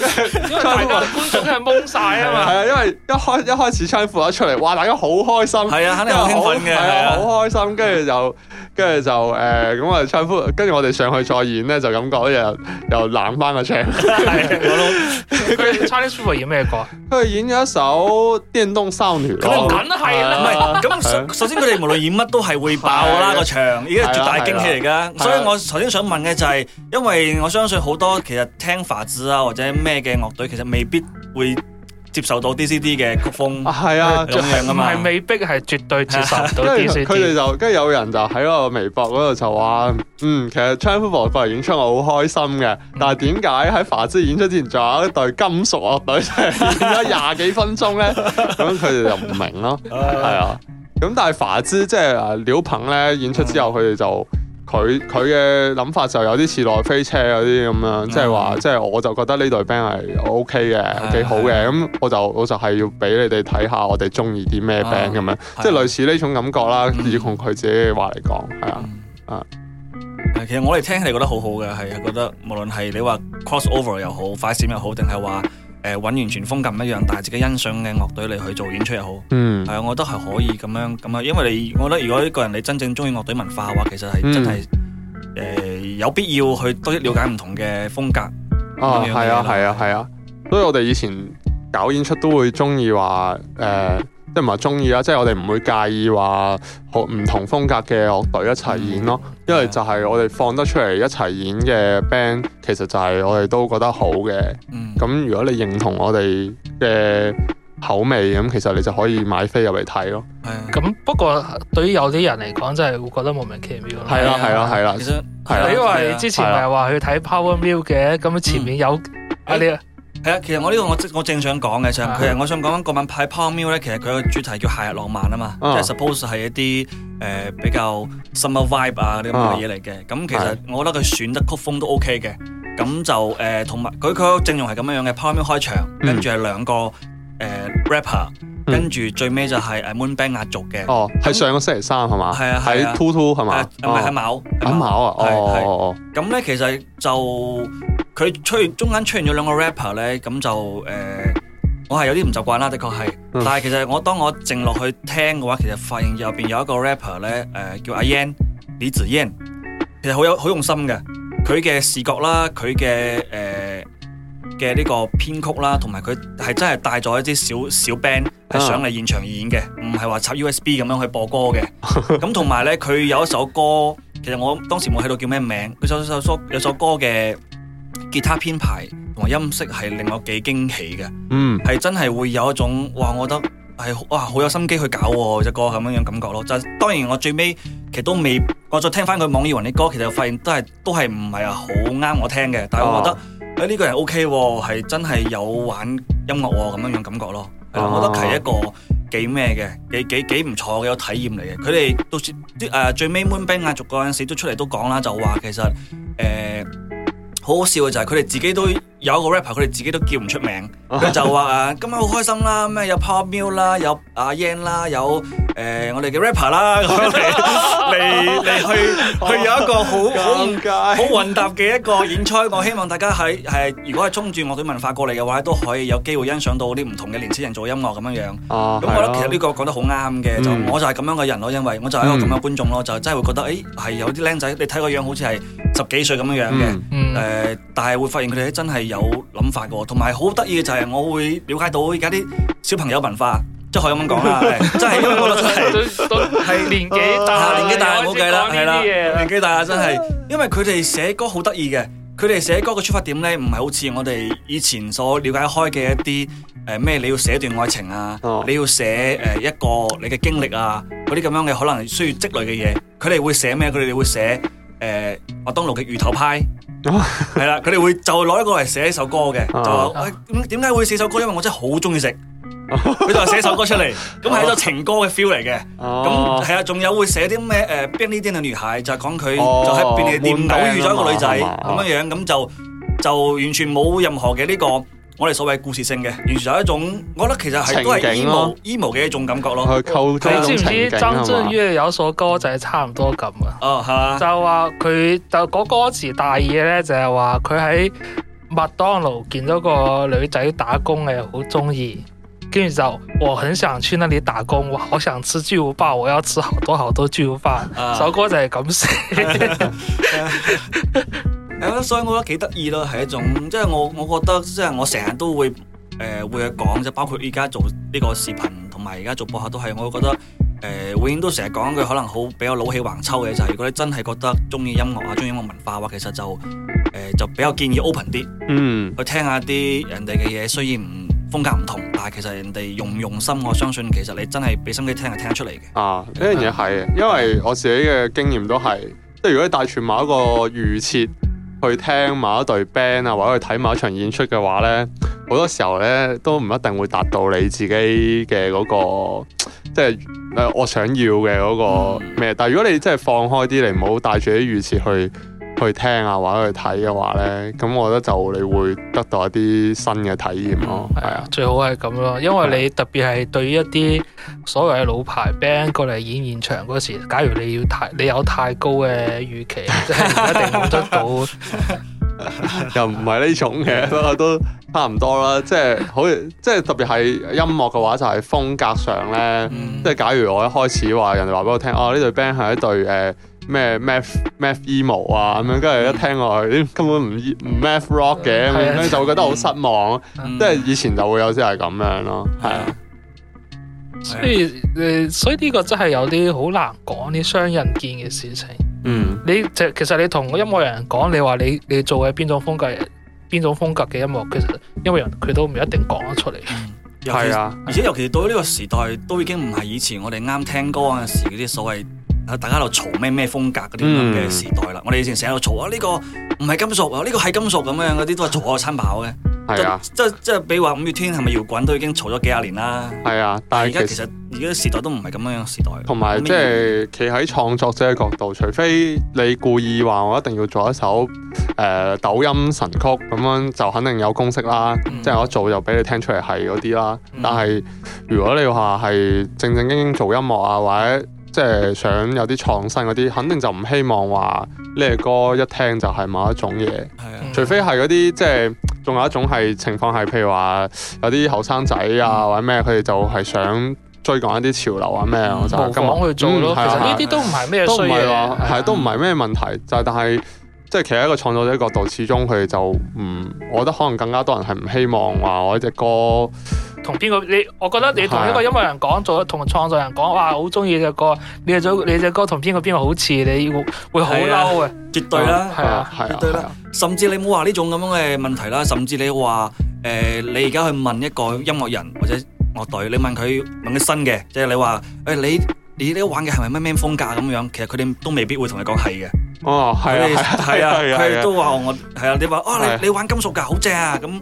因為大家觀眾真係蒙曬啊嘛。係啊，因為一開一開始唱副一出嚟，哇！大家好開心。係啊，肯定好興奮嘅。係啊，好開心。跟住就，跟住就誒，咁我哋唱副，跟住我哋上去再演咧，就感覺好似又冷翻個場。係，我都佢唱啲副歌演咩歌啊？佢演咗一首《電動少女》咯。梗係啦，唔係咁。首先佢哋無論演乜都係會爆啦個場。依家絕大驚喜嚟㗎，所以我頭先想問嘅就係，因為我相信好多其實聽法子啊或者咩嘅樂隊其實未必會接受到 D C D 嘅曲風，係啊，唔係未必係絕對接受到 D C D。佢哋就跟住有人就喺個微博嗰度就話，嗯，其實昌福博演出我好開心嘅，但係點解喺法子演出之前仲有一隊金屬樂隊而家廿幾分鐘咧？咁佢哋就唔明咯，係啊。咁但係法之即係啊廖鵬咧演出之後佢哋就佢佢嘅諗法就有啲似內飛車嗰啲咁樣，即係話即係我就覺得呢隊 band 係 OK 嘅，幾唉呀 好嘅，咁唉呀 我就我就係要俾你哋睇下我哋中意啲咩 band 咁樣，即、就、係、是、類似呢種感覺啦。嗯、以同佢自己嘅話嚟講，係、嗯、啊，啊、嗯，其實我哋聽嚟覺得好好嘅，係覺得無論係你話 cross over 又好，快閃又好，定係話。誒，搵、呃、完全風格唔一樣，但係自己欣賞嘅樂隊嚟去做演出又好，嗯，係啊、嗯，我覺得係可以咁樣咁啊，因為你，我覺得如果一個人你真正中意樂隊文化嘅話，其實係、嗯、真係，誒、呃，有必要去多啲了解唔同嘅風格。哦、啊，係啊，係啊，係啊，啊，所以我哋以前搞演出都會中意話，誒、呃。即係唔係中意啦，即係我哋唔會介意話好唔同風格嘅樂隊一齊演咯。嗯、因為就係我哋放得出嚟一齊演嘅 band，其實就係我哋都覺得好嘅。咁、嗯、如果你認同我哋嘅口味，咁其實你就可以買飛入嚟睇咯。咁、嗯、不過對於有啲人嚟講，真係會覺得莫名其妙咯。係啊，係啊，係啊，其實你因為之前唔係話去睇 Power Mill 嘅，咁啊前面有阿你、嗯、啊。係啊，其實我呢個我我正想講嘅就係佢，我想講緊《國民派 p a l m i l l 咧，其實佢個主題叫夏日浪漫啊嘛，即係 suppose 係一啲誒比較 summer vibe 啊啲咁嘅嘢嚟嘅。咁其實我覺得佢選得曲風都 OK 嘅。咁就誒，同埋佢佢個陣容係咁樣嘅 p a l m i l l 開場，跟住係兩個誒 rapper，跟住最尾就係 moon band 壓軸嘅。哦，係上個星期三係嘛？係啊，係啊，tutu 係嘛？誒，唔係喺貓，喺貓啊？哦哦哦。咁咧，其實就。佢出現中間出現咗兩個 rapper 咧，咁就誒，我係有啲唔習慣啦，的確係。嗯、但係其實我當我靜落去聽嘅話，其實發現入邊有一個 rapper 咧，誒、呃、叫阿 Yan 李子燕，其實好有好用心嘅。佢嘅視覺啦，佢嘅誒嘅呢個編曲啦，同埋佢係真係帶咗一啲小小 band 係上嚟現場演嘅，唔係話插 USB 咁樣去播歌嘅。咁同埋咧，佢有一首歌，其實我當時冇睇到叫咩名，佢首首有首歌嘅。吉他編排同埋音色係令我幾驚喜嘅，嗯，係真係會有一種哇，我覺得係哇好有心機去搞隻、啊這個、歌咁樣樣感覺咯。就當然我最尾其實都未我再聽翻佢網易雲啲歌，其實我發現都係都係唔係啊好啱我聽嘅。但係我覺得誒呢、哦哎這個人 OK，係真係有玩音樂咁、啊、樣樣感覺咯。哦、我覺得係一個幾咩嘅，幾幾幾唔錯嘅有體驗嚟嘅。佢哋到、呃啊、時啲誒最尾 Moonbeam 壓軸嗰陣時都出嚟都講啦，就話其實誒。呃好笑嘅就係佢哋自己都。有一個 rapper，佢哋自己都叫唔出名，佢就話啊，今晚好開心啦，咩有 Paul Miu 啦，有阿 Yan 啦，有誒我哋嘅 rapper 啦，咁樣嚟嚟去去有一個好好混搭嘅一個演出。我希望大家喺係，如果係衝住我哋文化過嚟嘅話，都可以有機會欣賞到啲唔同嘅年輕人做音樂咁樣樣。咁我覺得其實呢個講得好啱嘅，就我就係咁樣嘅人咯，因為我就係一個咁嘅觀眾咯，就真係會覺得誒係有啲靚仔，你睇個樣好似係十幾歲咁樣樣嘅，誒，但係會發現佢哋咧真係。有諗法嘅，同埋好得意嘅就係我會了解到而家啲小朋友文化，即係可以咁講啦，真係，我真係，係年紀大，年紀大，冇計啦，係啦，年紀大啊，真係，因為佢哋寫歌好得意嘅，佢哋寫歌嘅出發點咧，唔係好似我哋以前所了解開嘅一啲誒咩，你要寫一段愛情啊，你要寫誒一個你嘅經歷啊，嗰啲咁樣嘅可能需要積累嘅嘢，佢哋會寫咩？佢哋會寫。誒麥當勞嘅魚頭派係啦，佢哋會就攞一個嚟寫一首歌嘅，就誒點點解會寫首歌？因為我真係好中意食，佢就寫首歌出嚟，咁係一首情歌嘅 feel 嚟嘅。咁係啊，仲有會寫啲咩誒？便利店嘅女孩，就係講佢就喺便利店偶遇咗一個女仔咁樣樣，咁就就完全冇任何嘅呢個。我哋所謂故事性嘅，完全係一種，我覺得其實係景都係是 emo，emo 嘅一種感覺咯。佢溝通。你知唔知張震嶽有首歌就係差唔多咁啊？哦、oh, uh,，係就話佢就歌詞大意咧，就係話佢喺麥當勞見到個女仔打工嘅好中意，跟住就我很想去那裏打工，我好想吃巨無霸，我要吃好多好多巨無霸。Uh, 首歌就係咁寫。嗯、所以我覺得幾得意咯，係一種即係我我覺得即係我成日都會誒、呃、會去講即包括依家做呢個視頻，同埋而家做播客都係，我覺得誒，永遠都成日講一句可能好比較老氣橫秋嘅就係，如果你真係覺得中意音樂啊，中意個文化嘅話，其實就誒、呃、就比較建議 open 啲，嗯，去聽下啲人哋嘅嘢，雖然唔風格唔同，但係其實人哋用唔用心，我相信其實你真係俾心機聽係聽得出嚟嘅。啊，呢樣嘢係，因為我自己嘅經驗都係，即係如果你大權買一個預設。去聽某一隊 band 啊，或者去睇某一場演出嘅話咧，好多時候咧都唔一定會達到你自己嘅嗰個即係誒、呃、我想要嘅嗰個咩？但係如果你真係放開啲嚟，唔好帶住啲預設去。去聽啊，或者去睇嘅話呢，咁我覺得就你會得到一啲新嘅體驗咯。係、嗯、啊，最好係咁咯，因為你特別係對於一啲所謂嘅老牌 band 過嚟演現場嗰時，假如你要太你有太高嘅預期，即、就、係、是、一定冇得到， 又唔係呢種嘅，都差唔多啦。即係好，即、就、係、是、特別係音樂嘅話，就係、是、風格上呢。即係、嗯、假如我一開始話人哋話俾我聽，哦、啊，呢對 band 係一對誒。呃咩 math math emo 啊咁、嗯、樣，跟住一聽落去，根本唔唔 math rock 嘅、嗯，你就會覺得好失望。嗯、即係以前就會有啲就係咁樣咯，係、嗯、啊，所。所以誒，所以呢個真係有啲好難講啲雙刃劍嘅事情。嗯，你即其實你同個音樂人講，你話你你做嘅邊種風格，邊種風格嘅音樂，其實因為人佢都唔一定講得出嚟。係、嗯、啊，而且尤其到呢個時代，都已經唔係以前我哋啱聽歌嗰陣時嗰啲所謂。大家喺度嘈咩咩風格嗰啲咁嘅時代啦，嗯、我哋以前成日喺度嘈啊，呢個唔係金屬啊，呢個係金屬咁樣嗰啲都係嘈個餐飽嘅。係啊，即即係比如話五月天係咪搖滾都已經嘈咗幾廿年啦。係啊，但係其實而家時代都唔係咁樣嘅時代。同埋即係企喺創作者嘅角度，除非你故意話我一定要做一首誒、呃、抖音神曲咁樣，就肯定有公式啦。即係、嗯、我一做就俾你聽出嚟係嗰啲啦。嗯、但係如果你話係正正經經做音樂啊，或者即係想有啲創新嗰啲，肯定就唔希望話呢個歌一聽就係某一種嘢。啊、除非係嗰啲即係，仲有一種係情況係，譬如話有啲後生仔啊或者咩，佢哋、嗯、就係想追趕一啲潮流啊咩，我就咁樣去做。其實呢啲都唔係咩衰嘢，都唔係、啊啊、都唔係咩問題，就、啊、但係。即係其實喺一個創作者角度，始終佢哋就唔、嗯，我覺得可能更加多人係唔希望話我呢隻歌同邊個你，我覺得你同一個音樂人講，做同個創作人講，哇好中意隻歌，你隻你隻歌同邊個邊個好似，你會好嬲嘅，絕對啦，係啊，絕對啦。甚至你冇話呢種咁樣嘅問題啦，甚至你話誒、呃，你而家去問一個音樂人或者樂隊，你問佢問啲新嘅，即、就、係、是、你話誒、欸、你。咦，你玩嘅係咪咩咩風格咁樣？其實佢哋都未必會同你講係嘅。哦，係啊，係啊，佢哋都話我係啊。你話哦，你你玩金屬㗎，好正啊！咁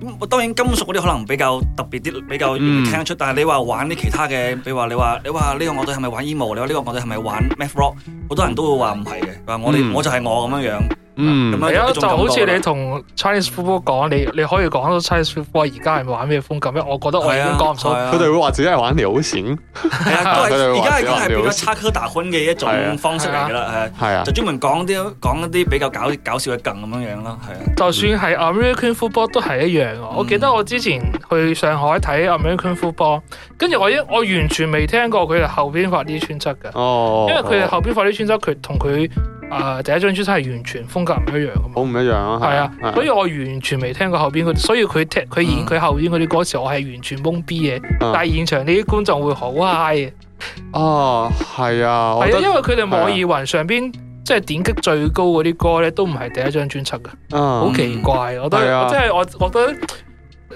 咁當然金屬嗰啲可能比較特別啲，比較容易聽得出。嗯、但係你話玩啲其他嘅，比如話你話你話呢個我哋係咪玩 Emo？你話呢個我哋係咪玩 Math Rock？好多人都會話唔係嘅，話我哋我就係我咁樣樣。嗯嗯，係啊，就好似你同 Chinese football 講，你你可以講到 Chinese football 而家係玩咩風格咩？我覺得我已經講唔出。佢哋會話自己係玩流線，係啊，而家係都係變咗插科打諢嘅一種方式嚟噶啦，係。係啊，就專門講啲講一啲比較搞搞笑嘅梗咁樣樣咯，係啊。就算係 American football 都係一樣啊！我記得我之前去上海睇 American football，跟住我一我完全未聽過佢哋後邊發啲專輯㗎。哦，因為佢哋後邊發啲專輯，佢同佢。誒、呃、第一張專輯係完全風格唔一樣嘅嘛，好唔一樣咯，係啊，所以我完全未聽過後邊嗰，所以佢聽佢演佢後邊嗰啲歌時，我係完全懵逼嘅。嗯、但係現場呢啲觀眾會好 high 嘅，啊係啊，因為佢哋網易雲上邊即係點擊最高嗰啲歌咧，都唔係第一張專輯嘅，好奇怪，我覺得，我真係我覺得。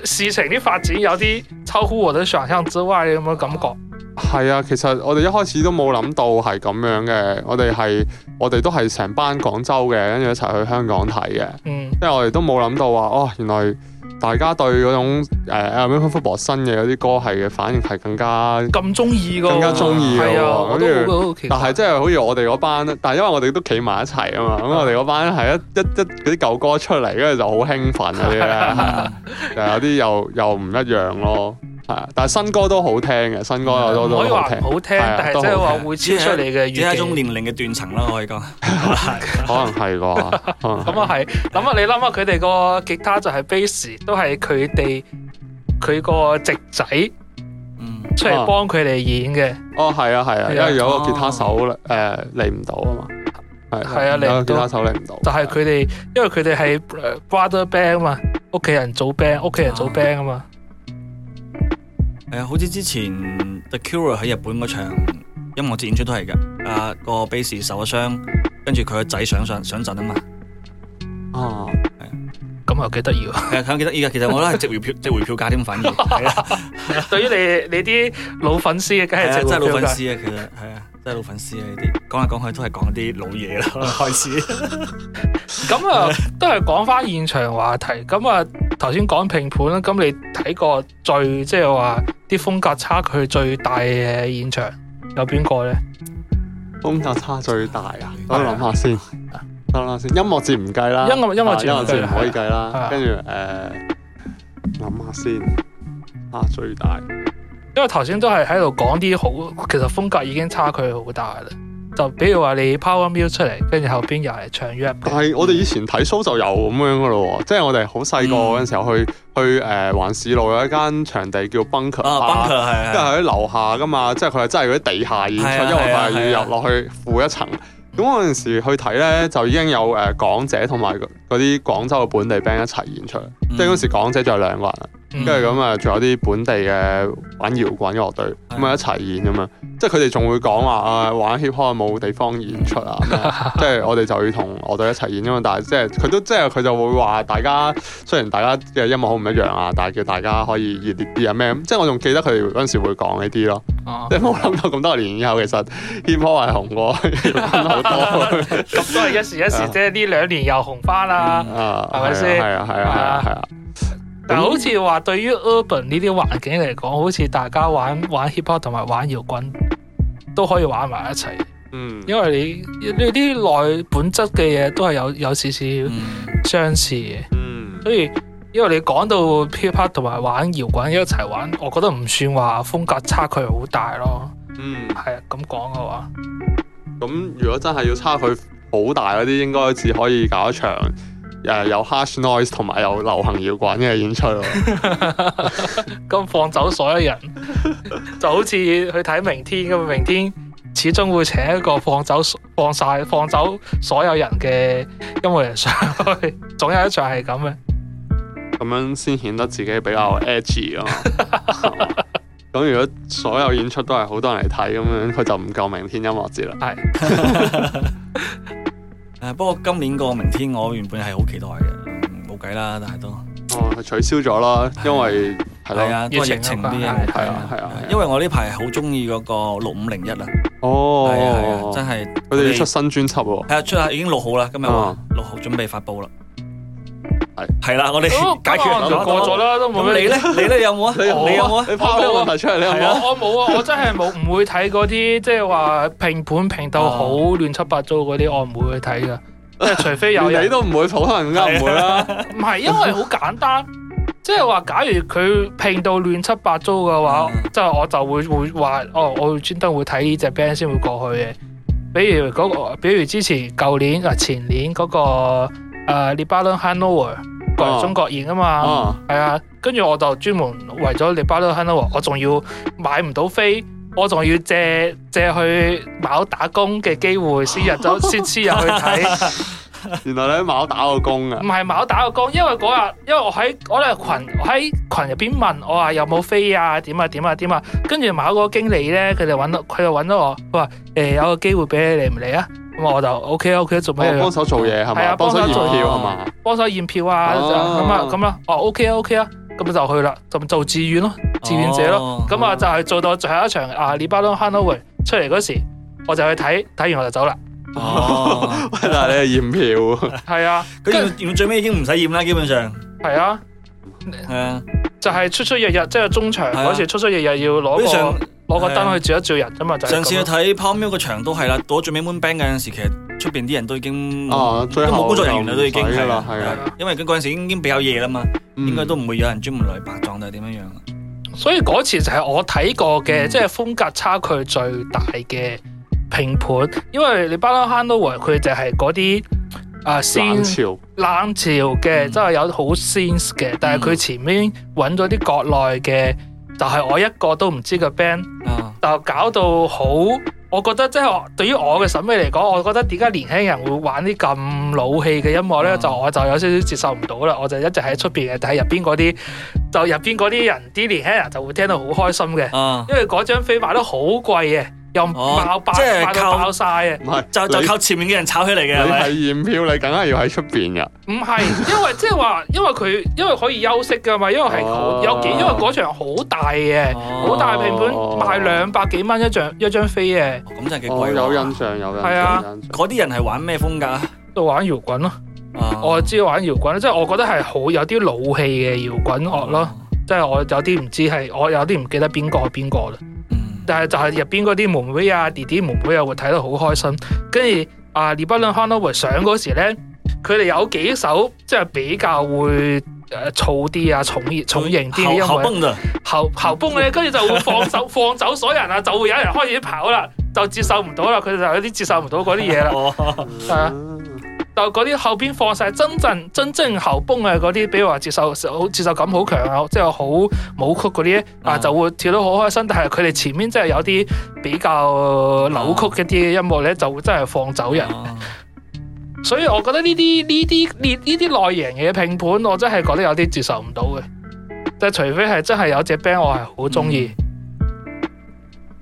事情啲發展有啲超乎我的想象之外你有冇感覺？係啊，其實我哋一開始都冇諗到係咁樣嘅，我哋係我哋都係成班廣州嘅，跟住一齊去香港睇嘅。嗯、因為我哋都冇諗到話哦，原來。大家對嗰種誒艾薇兒福伯新嘅嗰啲歌係嘅反應係更加咁鍾意，啊、更加鍾意嘅喎。跟住，後我都但係真係好似我哋嗰班， 但係因為我哋都企埋一齊啊嘛。咁 我哋嗰班係一一一啲舊歌出嚟，跟住就好興奮嗰啲啦。 就係有啲又又唔一樣咯。但係新歌都好聽嘅，新歌有都都好聽，好聽，但係即係話會超出你嘅，只係一種年齡嘅斷層啦，可以講，可能係啩，咁啊，係，諗下你諗下佢哋個吉他就係 bass，都係佢哋佢個直仔出嚟幫佢哋演嘅。哦，係啊，係啊，因為有個吉他手誒嚟唔到啊嘛，係係啊，你吉他手嚟唔到，就係佢哋，因為佢哋係 brother band 啊嘛，屋企人做 band，屋企人做 band 啊嘛。好似之前 The Cure 喺日本嗰場音樂節演出都係嘅，阿、啊、個 Bass 受咗傷，跟住佢個仔上上陣啊嘛。哦，係啊的，咁又幾得意啊！係幾得意噶，其實我都係值回票，值 回票價添，反而。 對於你你啲老粉絲，梗係真係老粉絲啊，其實係啊。 即係老粉絲啊！呢啲講嚟講去都係講啲老嘢啦，開始。咁啊，都係講翻現場話題。咁啊，頭先講拼盤啦。咁你睇過最即係話啲風格差距最大嘅現場有邊個咧？風格差最大啊！我諗下先，啊，等諗下先。音樂節唔計啦，音樂節、啊、音樂節唔可以計啦。跟住誒，諗下先，啊最大。因為頭先都係喺度講啲好，其實風格已經差距好大啦。就比如話你 Power Music 出嚟，跟住後邊又係唱 rap 但係我哋以前睇 show 就有咁樣噶咯，即係、嗯、我哋好細個嗰陣時候去去誒環、呃、市路有一間場地叫 Bunker，Bunker 係、啊，跟住喺樓下噶嘛，即係佢係真係嗰啲地下演出，啊啊啊啊、因為佢係要入落去負一層。咁嗰陣時去睇咧，就已經有誒、呃、港姐同埋嗰啲廣州嘅本地 band 一齊演出。嗯嗯、即係嗰陣時港姐就係兩個人。嗯嗯跟住咁啊，仲有啲本地嘅玩搖滾嘅樂隊咁啊一齊演咁啊，即係佢哋仲會講話啊玩 hip hop 有冇地方演出啊，即係我哋就要同樂隊一齊演，因為但係即係佢都即係佢就會話大家雖然大家嘅音樂好唔一樣啊，但係叫大家可以熱烈啲啊咩，即係我仲記得佢哋嗰陣時會講呢啲咯，即係冇諗到咁多年以後其實 hip hop 係紅過好多，咁都係一時一時，即係呢兩年又紅翻啦，係咪先？係啊係啊係啊！但、嗯嗯、好似話對於 urban 呢啲環境嚟講，好似大家玩玩 hip hop 同埋玩搖滾都可以玩埋一齊。嗯，因為你呢啲內本質嘅嘢都係有有少少相似嘅。嗯，所以因為你講到 hip hop 同埋玩搖滾一齊玩，我覺得唔算話風格差距好大咯。嗯，係啊，咁講嘅話，咁如果真係要差距好大嗰啲，應該只可以搞一場。誒，有 harsh noise 同埋有，有流行搖滾嘅演出咯，咁放走所有人， 就好似去睇明天咁。明天始終會請一個放走放晒放走所有人嘅音樂人上去，總 有一場係咁嘅，咁樣先顯得自己比較 edgy 咯。咁 如果所有演出都係好多人嚟睇，咁樣佢就唔夠明天音樂節啦。係。不過今年個明天我原本係好期待嘅，冇計啦，但係都取消咗啦，因為係啦，都係疫情啲嘢，係啊係啊。因為我呢排好中意嗰個六五零一啦，哦，係啊，真係佢哋要出新專輯喎，係啊，出啊，已經六好號啦，今日六號準備發佈啦。係啦，我哋解決咗啦。都咁你咧？你咧有冇啊？你有冇啊？你拋呢個問題出嚟，你有冇啊？我冇啊！我真係冇，唔會睇嗰啲即係話拼盤拼到好亂七八糟嗰啲我唔會去睇噶，即係除非有。你都唔會普通人唔會啦？唔係，因為好簡單，即係話，假如佢拼到亂七八糟嘅話，即係我就會會話哦，我專登會睇呢隻 band 先會過去嘅。比如嗰個，比如之前舊年啊，前年嗰個。誒，黎巴嫩 Hanover 中國演啊嘛，係、uh huh. 啊，跟住我就專門為咗黎巴嫩 Hanover 我仲要買唔到飛，我仲要借借去某打工嘅機會，先入咗，先黐入去睇。原來你喺某打個工啊？唔係某打過工，因為嗰日，因為我喺我咧群喺群入邊問我話有冇飛啊？點啊點啊點啊？跟住、啊啊、某嗰個經理咧，佢就搵到，佢就搵咗我，佢話誒有個機會俾你嚟唔嚟啊？ 我就 OK 啊 OK 啊做咩啊？幫手做嘢係嘛？幫手驗票係嘛？幫手驗票啊咁啊咁啦哦 OK 啊 OK 啊咁就去啦，就做志願咯，志願者咯。咁啊就係做到最後一場啊利巴隆卡諾會出嚟嗰時，我就去睇睇完我就走啦。哦，但係你去驗票？係啊，跟住驗完最尾已經唔使驗啦，基本上係啊係啊，就係出出入入即係中場嗰時出出入入要攞個。攞個燈去照一照人啫嘛，上次去睇泡妞個場都係啦，到最尾 Moon Bang 嗰陣時，其實出邊啲人都已經，都冇工作人員啦，都已經係啦，係啊，因為佢嗰陣時已經比較夜啦嘛，應該都唔會有人專門嚟白撞定係點樣樣。所以嗰次就係我睇過嘅，即係風格差距最大嘅拼盤，因為你巴拉坑都話佢就係嗰啲啊潮，冷潮嘅，即係有好 sense 嘅，但係佢前面揾咗啲國內嘅。就係我一個都唔知個 band，uh, 就搞到好，我覺得即係對於我嘅審美嚟講，我覺得點解年輕人會玩啲咁老氣嘅音樂呢？Uh, 就我就有少少接受唔到啦，我就一直喺出邊嘅，但係入邊嗰啲就入邊嗰啲人啲年輕人就會聽到好開心嘅，uh, 因為嗰張飛賣得好貴嘅。又爆爆，爆晒嘅，就就靠前面嘅人炒起嚟嘅。你係驗票，你梗係要喺出邊噶。唔係，因為即係話，因為佢因為可以休息噶嘛，因為係有幾，因為嗰場好大嘅，好大屏盤，賣兩百幾蚊一張一張飛嘅。咁真係幾貴。有印象，有印象。係啊，嗰啲人係玩咩風格啊？都玩搖滾咯。我知玩搖滾，即係我覺得係好有啲老氣嘅搖滾樂咯。即係我有啲唔知係，我有啲唔記得邊個邊個啦。但係就係入邊嗰啲妹妹啊、弟弟妹妹又、啊、會睇得好開心，跟住啊，列兵倫康諾上嗰時咧，佢哋有幾首即係比較會誒躁啲啊、重重型啲，因為喉後崩咧，跟住就會放手 放走所有人啊，就會有人開始跑啦，就接受唔到啦，佢哋就有啲接受唔到嗰啲嘢啦，係 啊。嗰啲後邊放晒真正真正喉崩嘅嗰啲，比如話接受受接受感好強啊，即係好舞曲嗰啲、uh huh. 啊，就會跳得好開心。但係佢哋前面真係有啲比較扭曲一啲嘅音樂咧，uh huh. 就會真係放走人。Uh huh. 所以我覺得呢啲呢啲呢呢啲內型嘅評判，我真係覺得有啲接受唔到嘅，即係除非係真係有隻 band 我係好中意。Uh huh.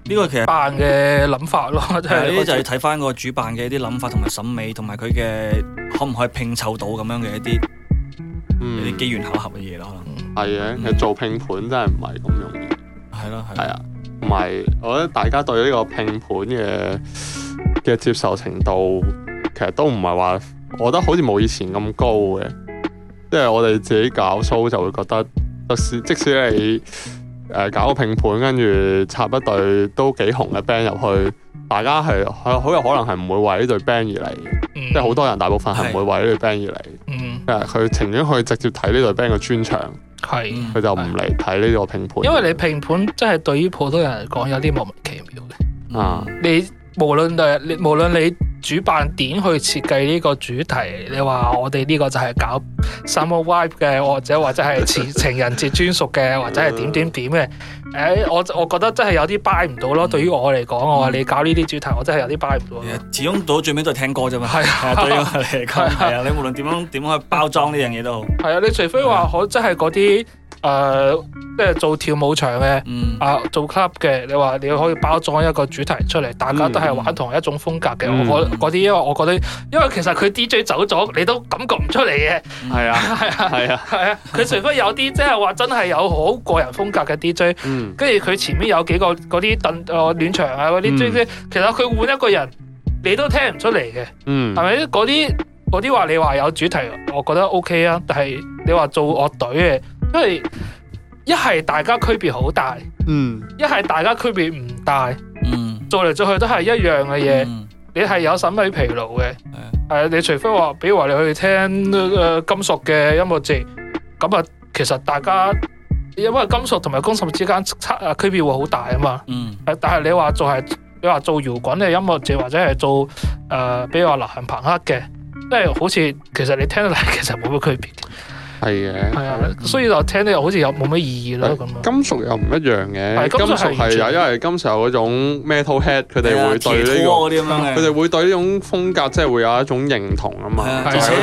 呢個其實辦嘅諗法咯，對 就係呢個就係睇翻個主辦嘅一啲諗法同埋審美，同埋佢嘅可唔可以拼湊到咁樣嘅一啲，嗯，啲機緣巧合嘅嘢咯，可能係啊，的嗯、做拼盤真係唔係咁容易。係咯，係啊，唔係，我覺得大家對呢個拼盤嘅嘅接受程度，其實都唔係話，我覺得好似冇以前咁高嘅，即係我哋自己搞 show 就會覺得，即、就、使、是、即使你。 誒，搞個拼盤，跟住插一隊都幾紅嘅 band 入去，大家係係好有可能係唔會為呢隊 band 而嚟嘅，嗯、即係好多人大部分係唔會為呢隊 band 而嚟嘅。嗯，佢情願去直接睇呢隊 band 嘅專場，係佢、嗯、就唔嚟睇呢個拼盤、嗯。因為你拼盤真係對於普通人嚟講有啲莫名其妙嘅。嗯、啊，你。無論誒，無論你主辦點去設計呢個主題，你話我哋呢個就係搞 summer vibe 嘅，或者 或者係情情人節專屬嘅，或者係點點點嘅，誒，我我覺得真係有啲 buy 唔到咯。嗯、對於我嚟講，嗯、我話你搞呢啲主題，我真係有啲 buy 唔到。始終到最尾都係聽歌啫嘛。係啊，對於我嚟講，係啊，你、啊啊、無論點樣點樣去包裝呢樣嘢都好。係啊，你除非話我真係嗰啲。誒，即係、呃、做跳舞場嘅，嗯、啊，做 club 嘅，你話你可以包裝一個主題出嚟，大家都係玩同一種風格嘅，嗯、我嗰啲，嗯、因為我覺得，因為其實佢 DJ 走咗，你都感覺唔出嚟嘅，係、嗯、 啊，係啊，係啊，係啊，佢除非有啲即係話真係有好個人風格嘅 DJ，跟住佢前面有幾個嗰啲鄧哦暖場啊啲 DJ，嗯、其實佢換一個人，你都聽唔出嚟嘅，嗯，係咪？嗰啲嗰啲話你話有主題，我覺得 OK 啊，但係你話做樂隊嘅。因為一係大家區別好大，嗯，一係大家區別唔大，嗯，做嚟做去都係一樣嘅嘢，嗯、你係有審美疲勞嘅，係、嗯，你除非話，比如話你去聽、呃、金屬嘅音樂節，咁啊，其實大家因為金屬同埋金屬之間差啊區別會好大啊嘛，嗯，但係你話做係，你話做搖滾嘅音樂節或者係做誒、呃，比如話流行朋克嘅，即、就、係、是、好似其實你聽得嚟其實冇乜區別。係嘅，係啊，所以就聽呢又好似有冇乜意義咯，咁金屬又唔一樣嘅，金屬係啊，因為金屬有嗰種 metalhead，佢哋會對呢啲咁樣，佢哋會對呢種風格，即係會有一種認同啊嘛。而且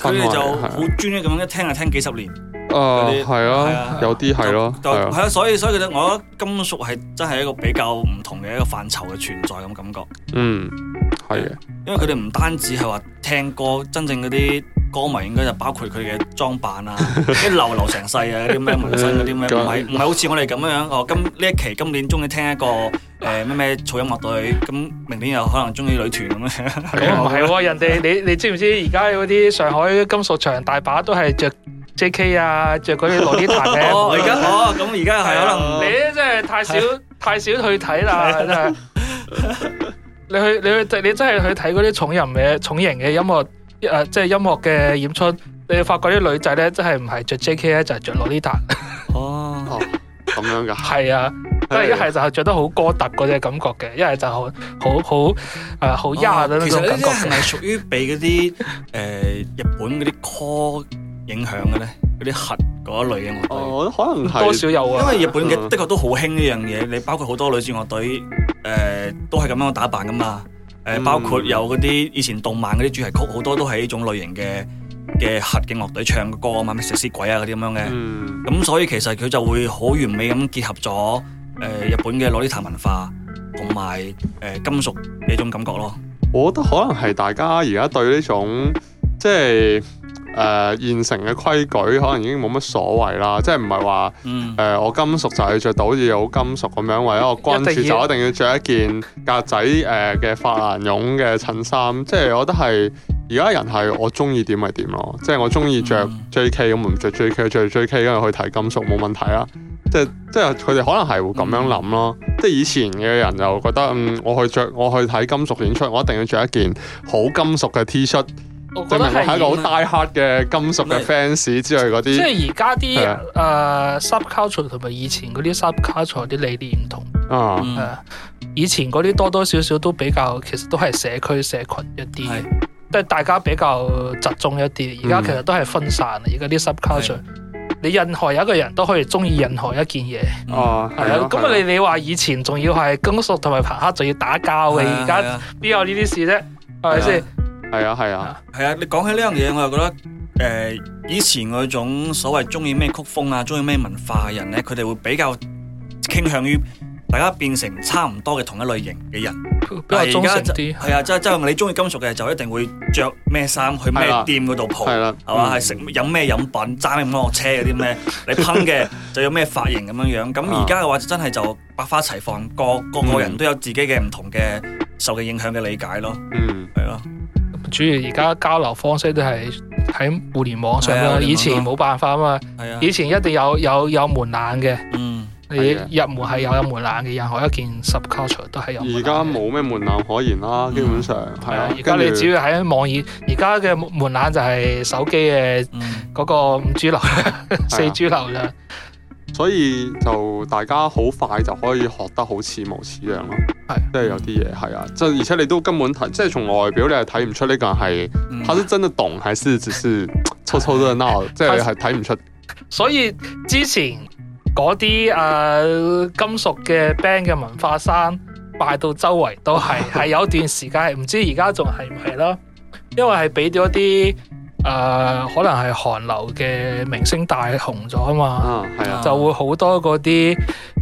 佢哋就好專一咁一聽啊，聽幾十年啊，係咯，有啲係咯，係啊，所以所以我覺我覺得金屬係真係一個比較唔同嘅一個範疇嘅存在咁感覺。嗯，係嘅。因為佢哋唔單止係話聽歌，真正嗰啲歌迷應該就包括佢嘅裝扮啊，一、哎、呀流流成世啊，啲咩紋身嗰啲咩，唔係唔係好似我哋咁樣樣。我、哦、今呢一期今年中意聽一個誒咩咩草音樂隊，咁明年又可能中意女團咁、嗯、樣。唔係喎，人哋你你知唔知而家嗰啲上海金屬場大把都係着 J K 啊，着嗰啲洛麗塔嘅。哦，而家哦，咁而家係可能你、嗯、你真係太少太少去睇啦，真係。 你去你去你真係去睇嗰啲重人嘅重型嘅音樂誒、啊，即係音樂嘅演出，你發覺啲女仔咧，真係唔係着 J.K. 咧，就係着洛麗塔。哦，咁、 哦、樣噶。係 啊，即係、啊、一係就係着得好哥特嗰隻感覺嘅，一係就好好好誒好 ya 嗰啲感覺。其實呢啲係咪屬於被啲誒、 呃、日本啲 core 影響嘅咧？啲核一類嘅樂隊，可能多少有啊。因為日本嘅的確都好興呢樣嘢，你、嗯、包括好多女子樂隊，誒、呃，都係咁樣嘅打扮噶嘛。誒、嗯、包括有嗰啲以前動漫嗰啲主題曲，好多都係呢種類型嘅嘅核嘅樂隊唱歌嘛、嗯、啊，咩食屍鬼啊嗰啲咁樣嘅。咁、嗯、所以其實佢就會好完美咁結合咗誒、呃、日本嘅洛麗塔文化同埋誒金屬嘅一種感覺咯。我覺得可能係大家而家對呢種即係。就是誒、呃、現成嘅規矩可能已經冇乜所謂啦，即係唔係話誒我金屬就去着到好似好金屬咁樣，或者我關注一就一定要着一件格仔誒嘅法蘭絨嘅襯衫，即係我覺得係而家人係我中意點咪點咯，即係我中意着 J K 咁、嗯，唔着 J K 着 J K，跟住去睇金屬冇問題啦。即係即係佢哋可能係會咁樣諗咯、嗯。即係以前嘅人就覺得嗯，我去著我去睇金屬演出，我一定要着一件好金屬嘅 T 恤。我覺得係一個好大客嘅金屬嘅 fans 之類嗰啲，即係而家啲誒 subculture 同埋以前嗰啲 subculture 啲理念唔同啊。以前嗰啲多多少少都比較，其實都係社區社群一啲，即係大家比較集中一啲。而家其實都係分散啦。而家啲 subculture，你任何一個人都可以中意任何一件嘢。哦，係啊。咁你你話以前仲要係金屬同埋朋克仲要打交嘅？而家邊有呢啲事啫？係咪先？係啊係啊，係啊，啊！你講起呢樣嘢，我又覺得誒、呃，以前嗰種所謂中意咩曲風啊，中意咩文化嘅人咧，佢哋會比較傾向於大家變成差唔多嘅同一類型嘅人，比較忠誠啲。係啊，即係即係你中意金屬嘅，就一定會着咩衫去咩店嗰度蒲，係啦、啊，係嘛、啊，係食飲咩飲品，揸咩摩托車嗰啲咩， 你噴嘅就有咩髮型咁樣樣。咁而家嘅話，真係就百花齊放，各各個，個人都有自己嘅唔同嘅受嘅影響嘅理解咯。係咯、嗯啊。嗯主要而家交流方式都係喺互聯網上啦，以前冇辦法啊嘛。係啊，以前一定有有有門檻嘅。嗯，你入門係有，有門檻嘅，任何一件 subculture 都係有。而家冇咩門檻、嗯、可言啦、啊，基本上係、嗯、啊。而家跟著 你只要喺網頁，而家嘅門檻就係手機嘅嗰個五 G 流、嗯、 四 G 流啦。嗯嗯。所以就大家好快就可以學得好似模似樣咯，係的，即係有啲嘢係啊，即係而且你都根本睇，即係從外表你係睇唔出呢個係，他是都真的懂，還、嗯、是只是湊湊熱鬧， 即係你係睇唔出。所以之前嗰啲啊金屬嘅 band 嘅文化衫，擺到周圍都係，係 有段時間係唔知而家仲係唔係啦，因為係俾咗啲。誒、呃、可能係韓流嘅明星大紅咗啊嘛，oh, yeah. 就會好多嗰啲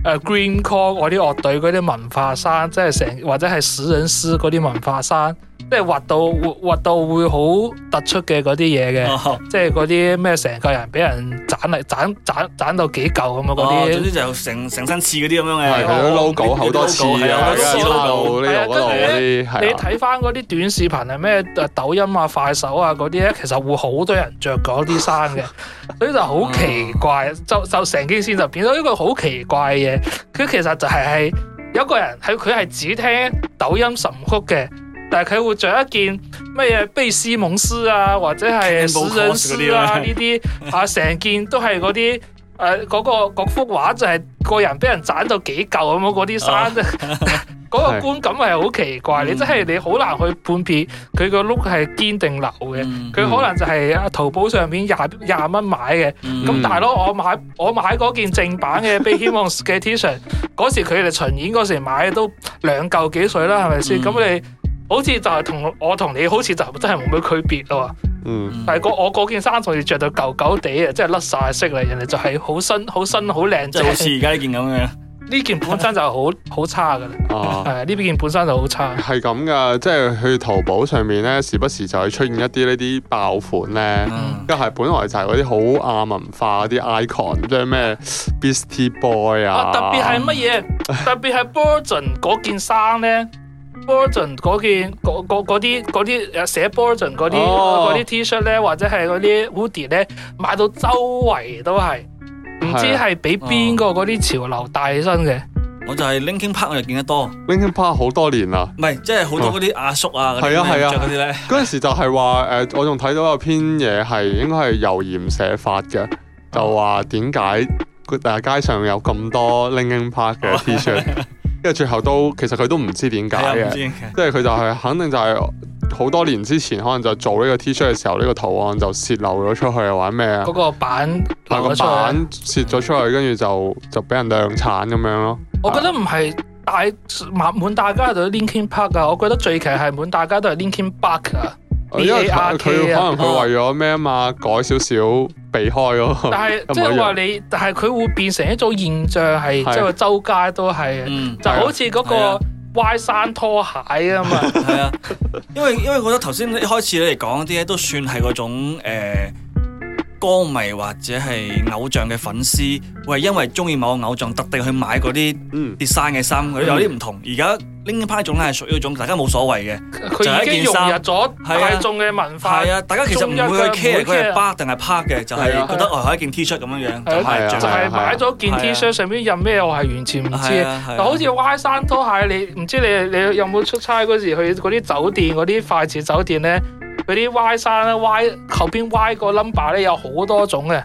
誒 Green Core 嗰啲樂隊嗰啲文化衫，即係成或者係死人屍嗰啲文化衫。即係畫到畫畫到會好突出嘅嗰啲嘢嘅，即係嗰啲咩成個人俾人斬嚟斬斬斬到幾舊咁嘅。啲總之就成成身刺嗰啲咁樣嘅，好多 logo 好多刺，一路呢度嗰度。係啊，你睇翻嗰啲短視頻係咩？抖音啊、快手啊嗰啲咧，其實會好多人着嗰啲衫嘅，所以就好奇怪。就就成件事就變咗一個好奇怪嘅嘢。佢其實就係係有個人係佢係只聽抖音神曲嘅。但係佢會着一件咩嘢？卑斯蒙斯啊，或者係史朗斯啊呢啲啊，成件都係嗰啲誒嗰個幅畫就係個人俾人斬到幾嚿咁樣嗰啲衫啫。嗰、啊、 個觀感係好奇怪，嗯、你真係你好難去判別佢個 look 係堅定流嘅。佢、嗯嗯、可能就係啊，淘寶上面廿廿蚊買嘅。咁大佬，我買我買嗰件正版嘅卑希蒙斯嘅 T 恤，嗰時佢哋巡演嗰時買都兩嚿幾水啦，係咪先？咁、嗯、你？好似就係同我同你好似就真係冇咩區別咯，嗯，但係個我嗰件衫仲要着到舊舊地啊，即係甩晒色啦，人哋就係好新好新好靚正，就似而家呢件咁嘅，呢、就是、 件本身就係好好差噶啦，係呢件本身就好差，係咁噶，即、就、係、是、去淘寶上面咧，時不時就係出現一啲呢啲爆款咧，一係 本來就係嗰啲好亞文化嗰啲 icon，即係咩 Beastie Boys 啊，特別係乜嘢，特別係 Bojan 嗰件衫咧。Bourgen 嗰件，嗰啲啲誒寫 Bourgen 嗰啲啲 T-shirt 咧，或者係嗰啲 hoodie 咧，買到周圍都係，唔知係俾邊個嗰啲潮流帶起身嘅、啊哦。我就係 Linkin Park 我就見得多，Linkin Park 好多年啦。唔係，即係好多嗰啲阿叔啊，嗰啲著嗰啲咧。嗰陣、啊啊、時就係話誒，我仲睇到有篇嘢係應該係油鹽寫法嘅，嗯、就話點解大街上有咁多 Linkin Park 嘅 T-shirt。哦 因為最後都，其實佢都唔知點解嘅。 即係佢就係，肯定就係好多年之前，可能就做呢個 T 恤嘅時候，呢個圖案就泄漏咗出,出去，又玩咩啊？嗰個版漏咗出嚟，泄咗出去，跟住就就俾人量產咁樣咯。我覺得唔係大滿，滿大街都 Linkin Park 啊！我覺得最奇係滿大街都係 Linkin Park 啊！A R、因為佢可能佢為咗咩啊嘛，改少少避開咯。但係即係話你， 但係佢會變成一種現象，係即係周街都係，嗯、就好似嗰個 Y 三拖鞋啊嘛。係啊， 因為因為我覺得頭先一開始你嚟講啲咧，都算係嗰種誒、呃、歌迷或者係偶像嘅粉絲，會係因為中意某個偶像，特地去買嗰啲 Y 三嘅衫，嗯、有啲唔同。而家。拎派種咧係屬於嗰種大家冇所謂嘅，佢 已經融入咗大眾嘅文化。係啊，中一個大家其實唔會去 care 佢係 bar 定係 park 嘅，啊、就係覺得外海一件 T 恤咁樣樣就係啊，就係買咗件 T 恤，上邊印咩我係完全唔知。啊啊啊、好似 Y 山拖鞋，你唔知你你有冇出差嗰時去嗰啲酒店嗰啲快捷酒店咧？嗰啲 Y 3咧，Y 後邊 Y 個 number 咧有好多種嘅，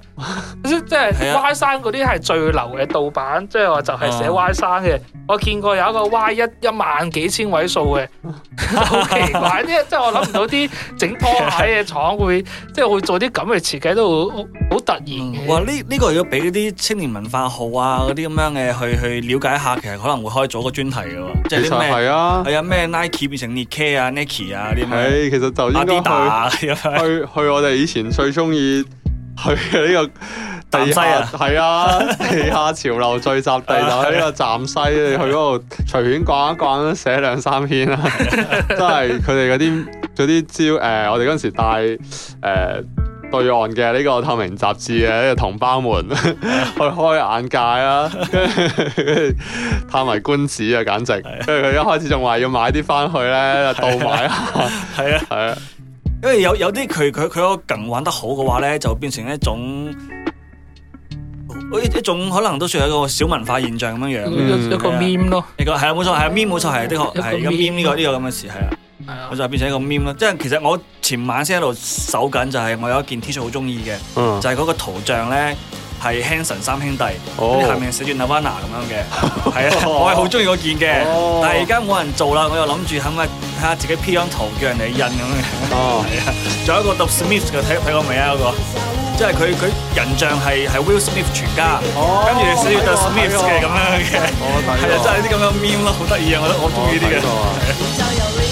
即係 Y 3嗰啲係最流嘅盜版，即係話就係寫 Y 3嘅。我見過有一個 Y 1, 一一萬幾千位數嘅，好奇怪啲，即係我諗唔到啲整拖鞋嘅廠會，即係會做啲咁嘅設計都好突然嘅、嗯。哇、喔！呢、這、呢個如果俾嗰啲青年文化號啊，嗰啲咁樣嘅去去了解一下，其實可能會開咗個專題嘅，即係啲咩係啊？係啊！咩 Nike 變成 Nike 啊 Nike 啊啲咁。其實就應該。去去去！ 去去我哋以前最中意去呢個地下西係啊，地、 啊、下潮流聚集地就喺呢個站西 你去嗰度隨便逛一逛，寫兩三篇啦、啊， 真係佢哋嗰啲啲招誒，我哋嗰陣時帶誒、呃、對岸嘅呢個透明雜誌嘅呢個同胞們 去開眼界啊，跟住嘆為觀止啊，簡直！跟住佢一開始仲話要買啲翻去咧，倒賣啊，係啊，係啊。因為有有啲佢佢佢嗰個梗玩得好嘅話咧，就變成一種一一種可能都算係一個小文化現象咁樣樣，一個一個 meme 咯。呢個係啊，冇錯，係 meme 冇錯，係的確係咁 meme 呢個呢個咁嘅事，係啊，就變咗一個 meme 咯。即係其實我前晚先喺度搜緊，就係我有一件 T 恤好中意嘅，就係嗰個圖像咧。係 Hanson 三兄弟，咁下面寫住 Nirvana 咁樣嘅，係啊，我係好中意嗰件嘅，但係而家冇人做啦，我又諗住可唔可以睇下自己 P 張圖叫人哋印咁樣。哦，係啊，仲有一個 The Smith 嘅，睇睇過未啊？嗰個，即係佢佢人像係係 Will Smith 全家，跟住寫住 The Smith 嘅咁樣嘅，係啊，真係啲咁樣 Meme 咯，好得意啊！我覺得我中意啲嘅。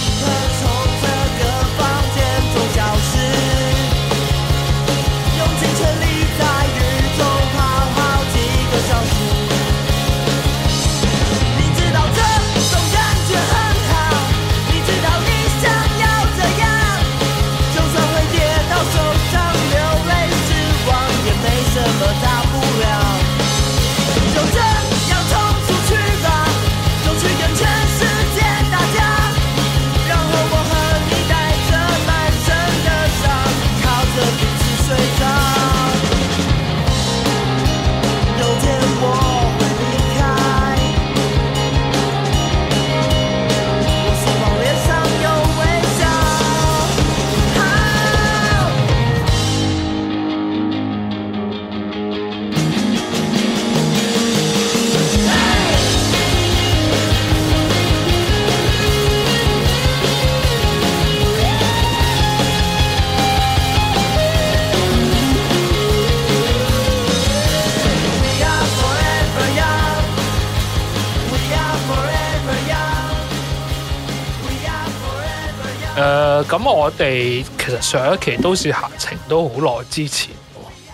係，其實上一期都市行程都好耐之前，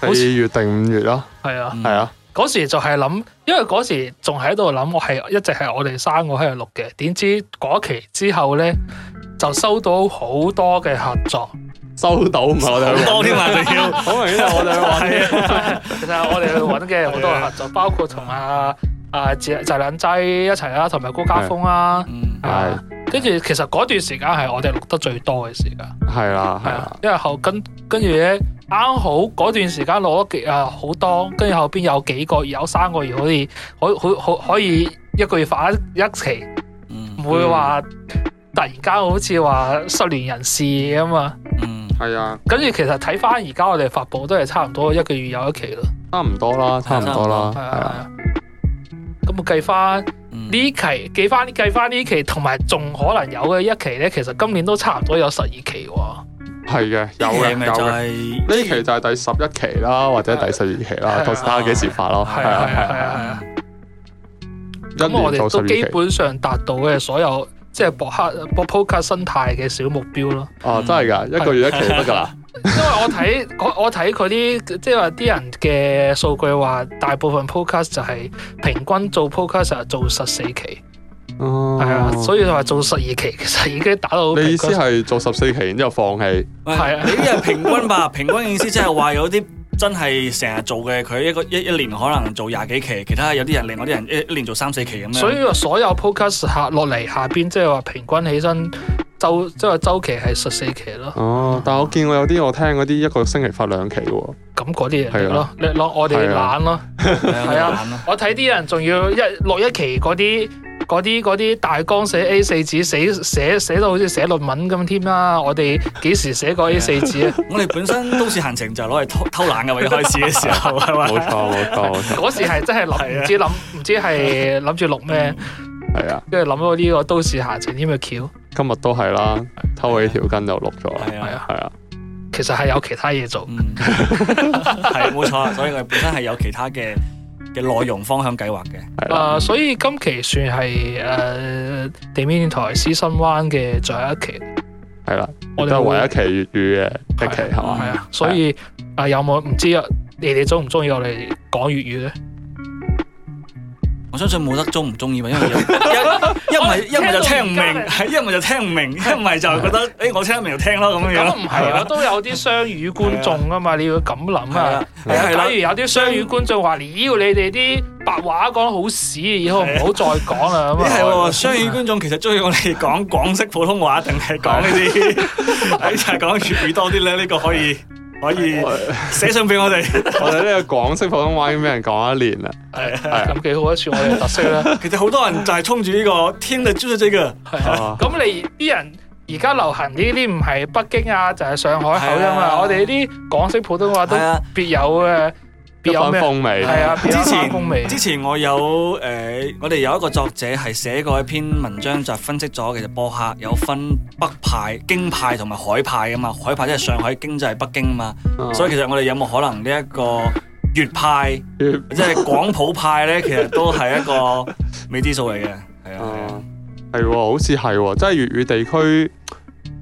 好似四月定五月咯。係啊，係、嗯、啊，嗰時就係諗，因為嗰時仲喺度諗，我係一直係我哋三個喺度錄嘅。點知嗰期之後咧，就收到好多嘅合作，收到唔係我哋好多添啊！仲要，好明顯我哋，去玩。其實我哋去搵嘅好多嘅合作，包括同阿、啊。呃、兩啊，就就兩劑一齊啦，同埋高家峰啦，係是跟住其實嗰段時間係我哋錄得最多嘅時間，係啦係啊，因為後跟跟住咧啱好嗰段時間攞得極啊好多，跟住後邊有幾個月有三個月可以可以可可可以一個月發一,一期，唔、嗯、會話突然間好似話失聯人士咁、嗯、啊，嗯係啊，跟住其實睇翻而家我哋發布都係差唔多一個月有一期咯，差唔多啦，差唔多啦，係啊。咁計翻呢期，計翻計翻呢期，同埋仲可能有嘅一期咧，其實今年都差唔多有十二期喎。係嘅，有嘅。呢、就是、期就係第十一期啦，或者第十二期啦，到、啊、時睇下幾時發咯。係啊係啊係啊。因為我哋都基本上達到嘅所有即係、就是、博客 podcast 生態嘅小目標咯。哦、啊，真係噶，一個月一期得噶啦。 因為我睇我我睇佢啲，即係話啲人嘅數據話，大部分 podcast 就係平均做 podcast 做十四期，係啊、哦，所以佢話做十二期其實已經打到。你意思係做十四期然之後放棄？係啊，呢啲係平均吧， 平均意思即係話有啲真係成日做嘅，佢一個一一年可能做廿幾期，其他有啲人另外啲人一一年做三四期咁樣。所以話所有 podcast 下落嚟下邊，即係話平均起身。周，即係周期係十四期咯。哦，但係我見過有啲我聽嗰啲一個星期發兩期喎。咁嗰啲嘢咯，你攞我哋懶咯，係啊。我睇啲人仲要一錄一期嗰啲嗰啲啲大綱寫 A 四紙寫寫寫到好似寫論文咁添啦。我哋幾時寫過 A 四紙啊？我哋本身都市行程就攞嚟偷偷懶噶嘛，一開始嘅時候係咪？冇錯冇錯。嗰時係真係諗唔知諗唔知係諗住錄咩？係啊，跟住諗到呢個都市行程添嘅橋。今日都係啦，偷起條筋就錄咗，係啊係啊，啊啊其實係有其他嘢做，係冇錯啊，所以我哋本身係有其他嘅嘅內容方向計劃嘅，啊，所以今期算係誒地面台 season one 嘅最後一期，係啦，啊，都係唯一期粵語嘅一期，係啊，啊，啊，所以啊有冇唔知你哋中唔中意我哋講粵語咧？我相信冇得中唔中意吧，因為一唔一唔一唔就聽唔明，係一唔就聽唔明，一唔係就覺得，誒我聽得明就聽咯咁樣樣。都唔係，我都有啲雙語觀眾噶嘛，你要咁諗啊。係，例如有啲雙語觀眾話，屌你哋啲白話講得好屎，以後唔好再講啦咁啊。係喎，雙語觀眾其實中意我哋講廣式普通話定係講呢啲？誒，就係講粵語多啲咧，呢個可以。可以寫信俾我哋， 我哋呢個廣式普通話已經俾人講一年啦。係啊，咁幾、啊、好一處我哋特色啦。 其實好多人就係衝住呢個，天就追到呢個。咁、啊、 你啲人而家流行呢啲唔係北京啊，就係、是、上海口音啊。我哋呢啲廣式普通話都係別有 一番風味，係啊！之前 之前我有誒、呃，我哋有一個作者係寫過一篇文章，就分析咗其實播客有分北派、京派同埋海派噶嘛，海派即係上海、京即係、北京啊嘛，啊所以其實我哋有冇可能呢一個粵派，即係粵廣普派咧， 其實都係一個未知數嚟嘅。係 啊，係、啊、好似係、哦，即係粵語地區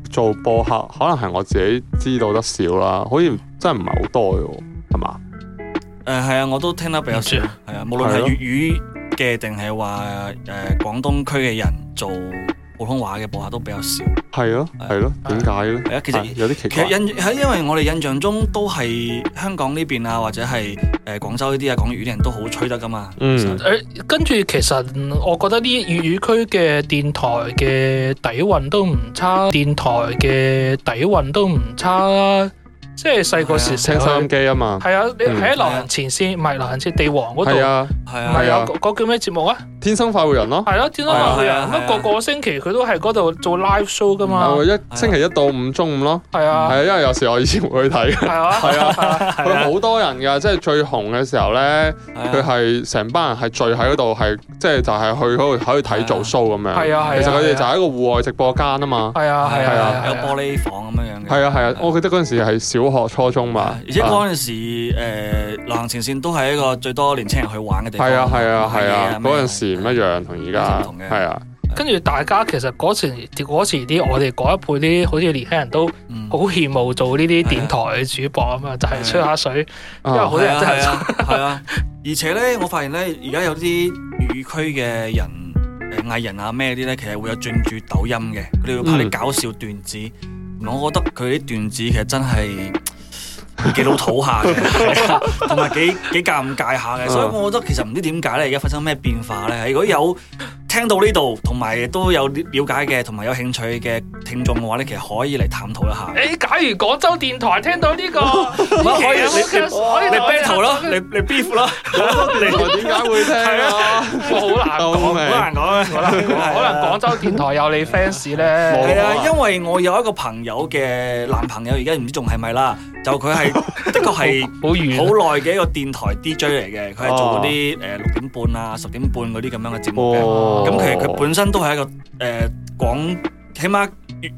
做播客，可能係我自己知道得少啦，好似真係唔係好多嘅，係嘛？誒，係、嗯、啊，我都聽得比較少。係啊，無論係粵語嘅定係話誒廣東區嘅人做普通話嘅播客都比較少。係咯，係咯，點解咧？係啊，其實、啊、有啲奇。其實印喺，因為我哋印象中都係香港呢邊啊，或者係誒廣州呢啲啊講粵語啲人都好吹得噶嘛。嗯。誒，跟住其實我覺得啲粵語區嘅電台嘅底蘊都唔差，電台嘅底蘊都唔差、啊即係細個時聽收音機啊嘛，係啊，你喺流行前線，唔係流行前地王嗰度，係啊，係啊，唔係有嗰叫咩節目啊？天生快活人咯，係咯，天生快活人，咁個個星期佢都喺嗰度做 live show 噶嘛，一星期一到五中午咯，係啊，係啊，因為有時我以前會去睇，係啊，係啊，佢好多人㗎，即係最紅嘅時候咧，佢係成班人係聚喺嗰度，係即係就係去嗰度可以睇做 show 咁樣，係啊，係啊，其實佢哋就係一個戶外直播間啊嘛，係啊，係啊，有玻璃房咁樣樣，係啊，係啊，我記得嗰陣時係小，中學、初中嘛，而且嗰陣時，誒，流行前線都係一個最多年青人去玩嘅地方。係啊，係啊，係啊，嗰陣時唔一樣，同而家唔同嘅，係啊。跟住大家其實嗰時，嗰時啲我哋嗰一輩啲好似年輕人都好羨慕做呢啲電台主播嘛，就係吹下水。因為好多人真係，係啊。而且咧，我發現咧，而家有啲粵語區嘅人、藝人啊咩啲咧，其實會有轉住抖音嘅，佢哋會拍啲搞笑段子。我覺得佢啲段子其實真係幾老土下嘅，同埋幾幾尷尬下嘅， 所以我覺得其實唔知點解咧，而家發生咩變化咧，如果有。聽到呢度，同埋都有了解嘅，同埋有興趣嘅聽眾嘅話咧，其實可以嚟探討一下。誒，假如廣州電台聽到呢個，可唔可以嚟 battle 咯，嚟嚟 beef 咯？你點解會聽啊？係啊，我好難講，好難講。可能廣州電台有你 fans 咧。係啊，因為我有一個朋友嘅男朋友，而家唔知仲係咪啦。就佢係的確係好遠、好耐嘅一個電台 DJ 嚟嘅。佢係做嗰啲誒六點半啊、十點半嗰啲咁樣嘅節目嘅。咁、哦、其實佢本身都係一個誒廣起碼粵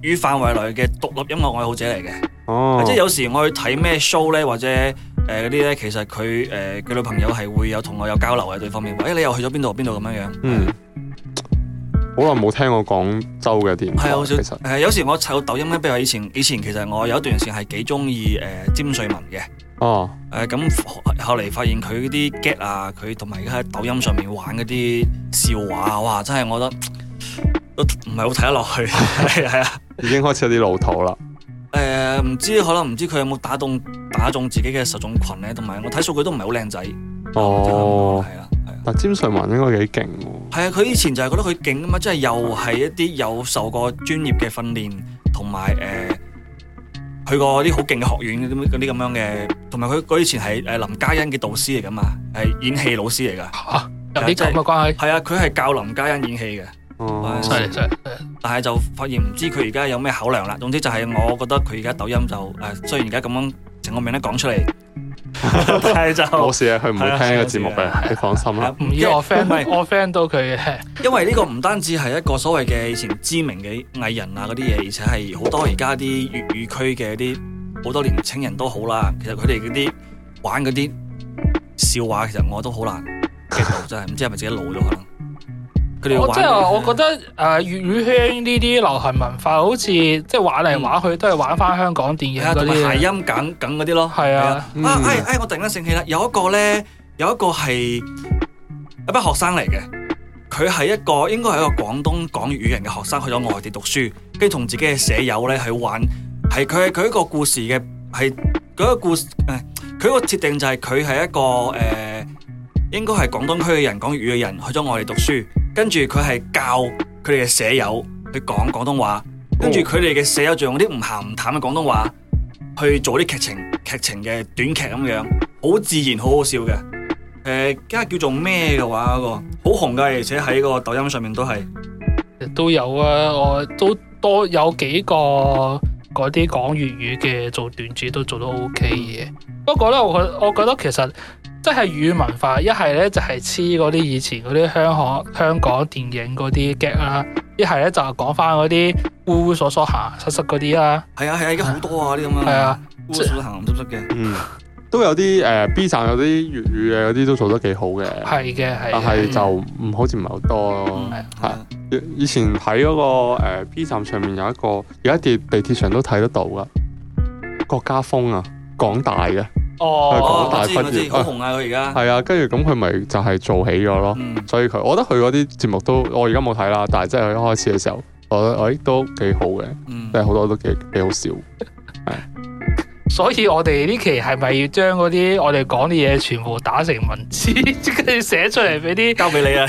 語範圍內嘅獨立音樂愛好者嚟嘅，哦，即係有時我去睇咩 show 咧，或者誒嗰啲咧，其實佢誒佢女朋友係會有同我有交流嘅對方面，話誒、欸、你又去咗邊度邊度咁樣樣。嗯，好耐冇聽過廣州嘅電台，的其實誒、呃、有時我睇抖音咧，比如話以前以前其實我有一段時間係幾中意誒詹瑞文嘅。哦、呃，誒咁後嚟發現佢嗰啲 get 啊，佢同埋而家喺抖音上面玩嗰啲笑話啊，哇，真係我覺得都唔係好睇得落去，係啊 已經開始有啲老土啦。誒、呃，唔知可能唔知佢有冇打動打中自己嘅受眾群咧？同埋我睇數據都唔係好靚仔。哦，係啊，係啊，但詹瑞文應該幾勁喎。係啊，佢以前就係覺得佢勁啊嘛，即係又係一啲有受過專業嘅訓練，同埋誒。呃去過啲好勁嘅學院嗰啲咁樣嘅，同埋佢佢以前係誒林嘉欣嘅導師嚟噶嘛，係演戲老師嚟噶嚇，有啲咁嘅關係。係啊，佢係教林嘉欣演戲嘅。犀但係就發現唔知佢而家有咩考量啦。總之就係我覺得佢而家抖音就誒，雖然而家咁樣整個名都講出嚟。係 就，冇事啊，佢唔會聽呢個節目嘅，你、啊啊、放心啦。唔要我 friend，我 friend 到佢嘅，因為呢個唔單止係一個所謂嘅以前知名嘅藝人啊嗰啲嘢，而且係好多而家啲粵語區嘅啲好多年輕人都好啦、啊。其實佢哋嗰啲玩嗰啲笑話，其實我都好難 get 到，真係唔知係咪自己老咗。即係，我覺得誒粵語圈呢啲流行文化好，好似即係玩嚟玩去，都係玩翻香港電影嗰啲諧音梗梗嗰啲咯。係啊，啊哎哎,哎，我突然間醒起啦，有一個咧，有一個係一班學生嚟嘅，佢係一個應該係一個廣東講粵語人嘅學生，去咗外地讀書，跟住同自己嘅舍友咧去玩，係佢係佢一個故事嘅，係嗰個故誒，佢個設定就係佢係一個誒、呃，應該係廣東區嘅人講粵語嘅人，去咗外,外地讀書。跟住佢係教佢哋嘅舍友去講廣東話，跟住佢哋嘅舍友仲用啲唔咸唔淡嘅廣東話去做啲劇情劇情嘅短劇咁樣，好自然，好好笑嘅。誒、呃，家下叫做咩嘅話嗰、嗰個好紅㗎，而且喺個抖音上面都係都有啊，我都多有幾個。嗰啲講粵語嘅做段子都做得 OK 嘅，不過咧我我覺得其實即係粵語文化，一係咧就係黐嗰啲以前嗰啲香港香港電影嗰啲 Gag 啦，一係咧就講翻嗰啲烏烏索索行、塞塞嗰啲啦，係啊係啊，而家好多啊啲咁樣啊，烏烏索索行、塞塞嘅，嗯。都有啲誒 B 站有啲粵語嘅嗰啲都做得幾好嘅，係嘅係，但係就唔好似唔係好多咯。係以前睇嗰個 B 站上面有一個，而家地地鐵上都睇得到啦。郭家峰啊，港大嘅，係港、哦、大畢業，好紅啊佢而家係啊，跟住咁佢咪就係做起咗咯。嗯、所以佢，我覺得佢嗰啲節目都我而家冇睇啦，但係即係佢一開始嘅時候，我覺得、欸、都幾好嘅，即係好多都幾幾好笑係。所以我哋呢期係咪要將嗰啲我哋講啲嘢全部打成文字，即 刻要寫出嚟俾啲交俾你啊！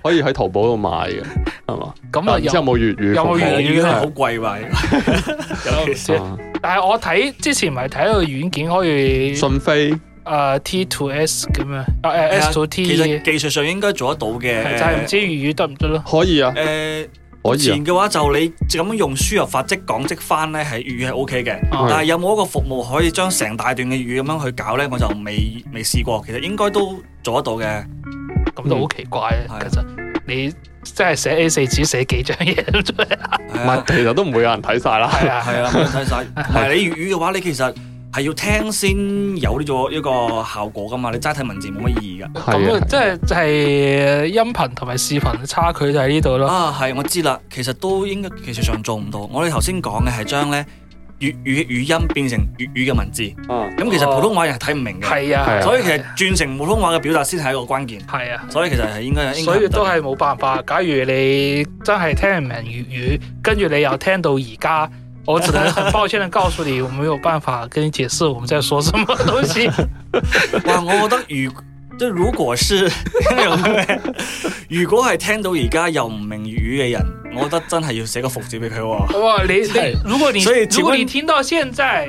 可以喺淘寶度買嘅，係嘛？咁啊，有冇粵語？有冇粵語咧？好貴嘛？但係我睇之前咪睇到個軟件可以訊飛誒 T to S 咁啊，誒 S to T。其實技術上應該做得到嘅， 就係、是、唔知粵語得唔得咯？可以啊。誒。Uh, 以前、啊、嘅話就你咁樣用輸入法即講即翻咧，係粵語係 O K 嘅。嗯、但係有冇一個服務可以將成大段嘅粵語咁樣去搞咧？我就未未試過。其實應該都做得到嘅。咁都好奇怪啊！其實你真係寫 A 四紙寫幾張嘢都出嚟。唔係、啊， 其實都唔會有人睇晒啦。係啊，唔會睇晒。唔係你粵語嘅話，你其實。係要聽先有呢個一個效果噶嘛，你齋睇文字冇乜意義噶。咁即係即係音頻同埋視頻嘅差距就喺呢度咯。啊，係我知啦，其實都應該，其實上做唔到。我哋頭先講嘅係將咧粵語語，語音變成粵語嘅文字。咁、啊、其實普通話人係睇唔明嘅。係啊。啊所以其實轉成普通話嘅表達先係一個關鍵。係啊。所以其實係應該係應該。所以都係冇辦法。假如你真係聽唔明粵語，跟住你又聽到而家。我只能很抱歉的告訴你，我沒有辦法跟你解釋我們在說什麼東西。 哇我我覺得，就是、如果是， 如果係聽到而家又唔明粵語嘅人，我覺得真係要寫個服字俾佢。哇，你是你如果你所以如果你聽到現在。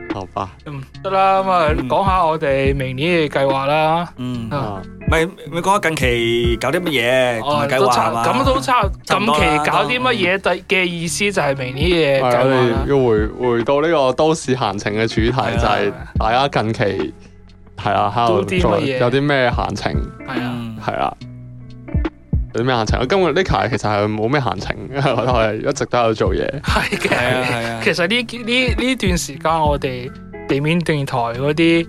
好吧，嗯，得啦，咁啊，講下我哋明年嘅計劃啦。嗯，唔係是，你講、嗯、下近期搞啲乜嘢計劃咁都差，都差差近期搞啲乜嘢？第嘅意思就係明年嘅。係、嗯，要回回到呢個都市閒情嘅主題，就係大家近期係啊，喺度做有啲咩閒情？係啊，係啊。有啲咩行程？我今日呢排其實係冇咩行程， 我係一直都喺度做嘢。係嘅，係啊，其實呢呢呢段時間，我哋地面電台嗰啲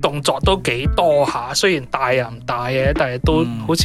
動作都幾多下，雖然大又唔大嘅，但係都好似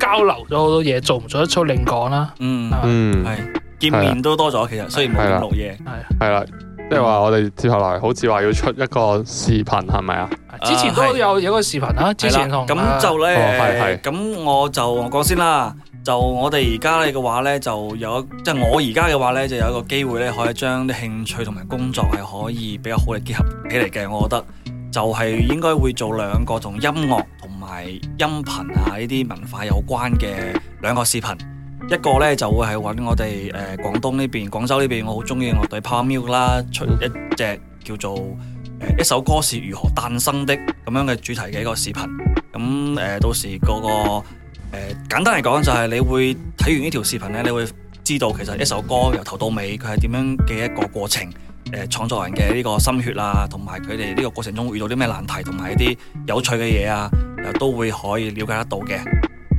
交流咗好多嘢，做唔做得出另講啦。嗯嗯，係 見面都多咗，其實雖然冇錄嘢，係係啦。 即係話我哋接下來好似話要出一個視頻係咪啊？是是之前都有一個視頻啦。啊、之前咁的和就呢，咁、啊、我就、哦、我講先啦。就我哋而家咧嘅話呢，就有即係、就是、我而家嘅話呢，就有一個機會咧，可以將啲興趣同埋工作係可以比較好嘅結合起嚟嘅。我覺得就係應該會做兩個同音樂同埋音頻啊呢啲文化有關嘅兩個視頻。一個呢就會係揾我哋誒，廣東呢邊廣州呢邊我好中意樂隊 Pamu 啦，出一隻叫做、呃、一首歌是如何誕生的咁樣嘅主題嘅一個視頻。咁誒、呃、到時嗰個誒、呃、簡單嚟講就係你會睇完條頻呢條視頻呢你會知道其實一首歌由頭到尾佢係點樣嘅一個過程，誒、呃、創作人嘅呢個心血啊，同埋佢哋呢個過程中遇到啲咩難題，同埋一啲有趣嘅嘢啊，都會可以了解得到嘅。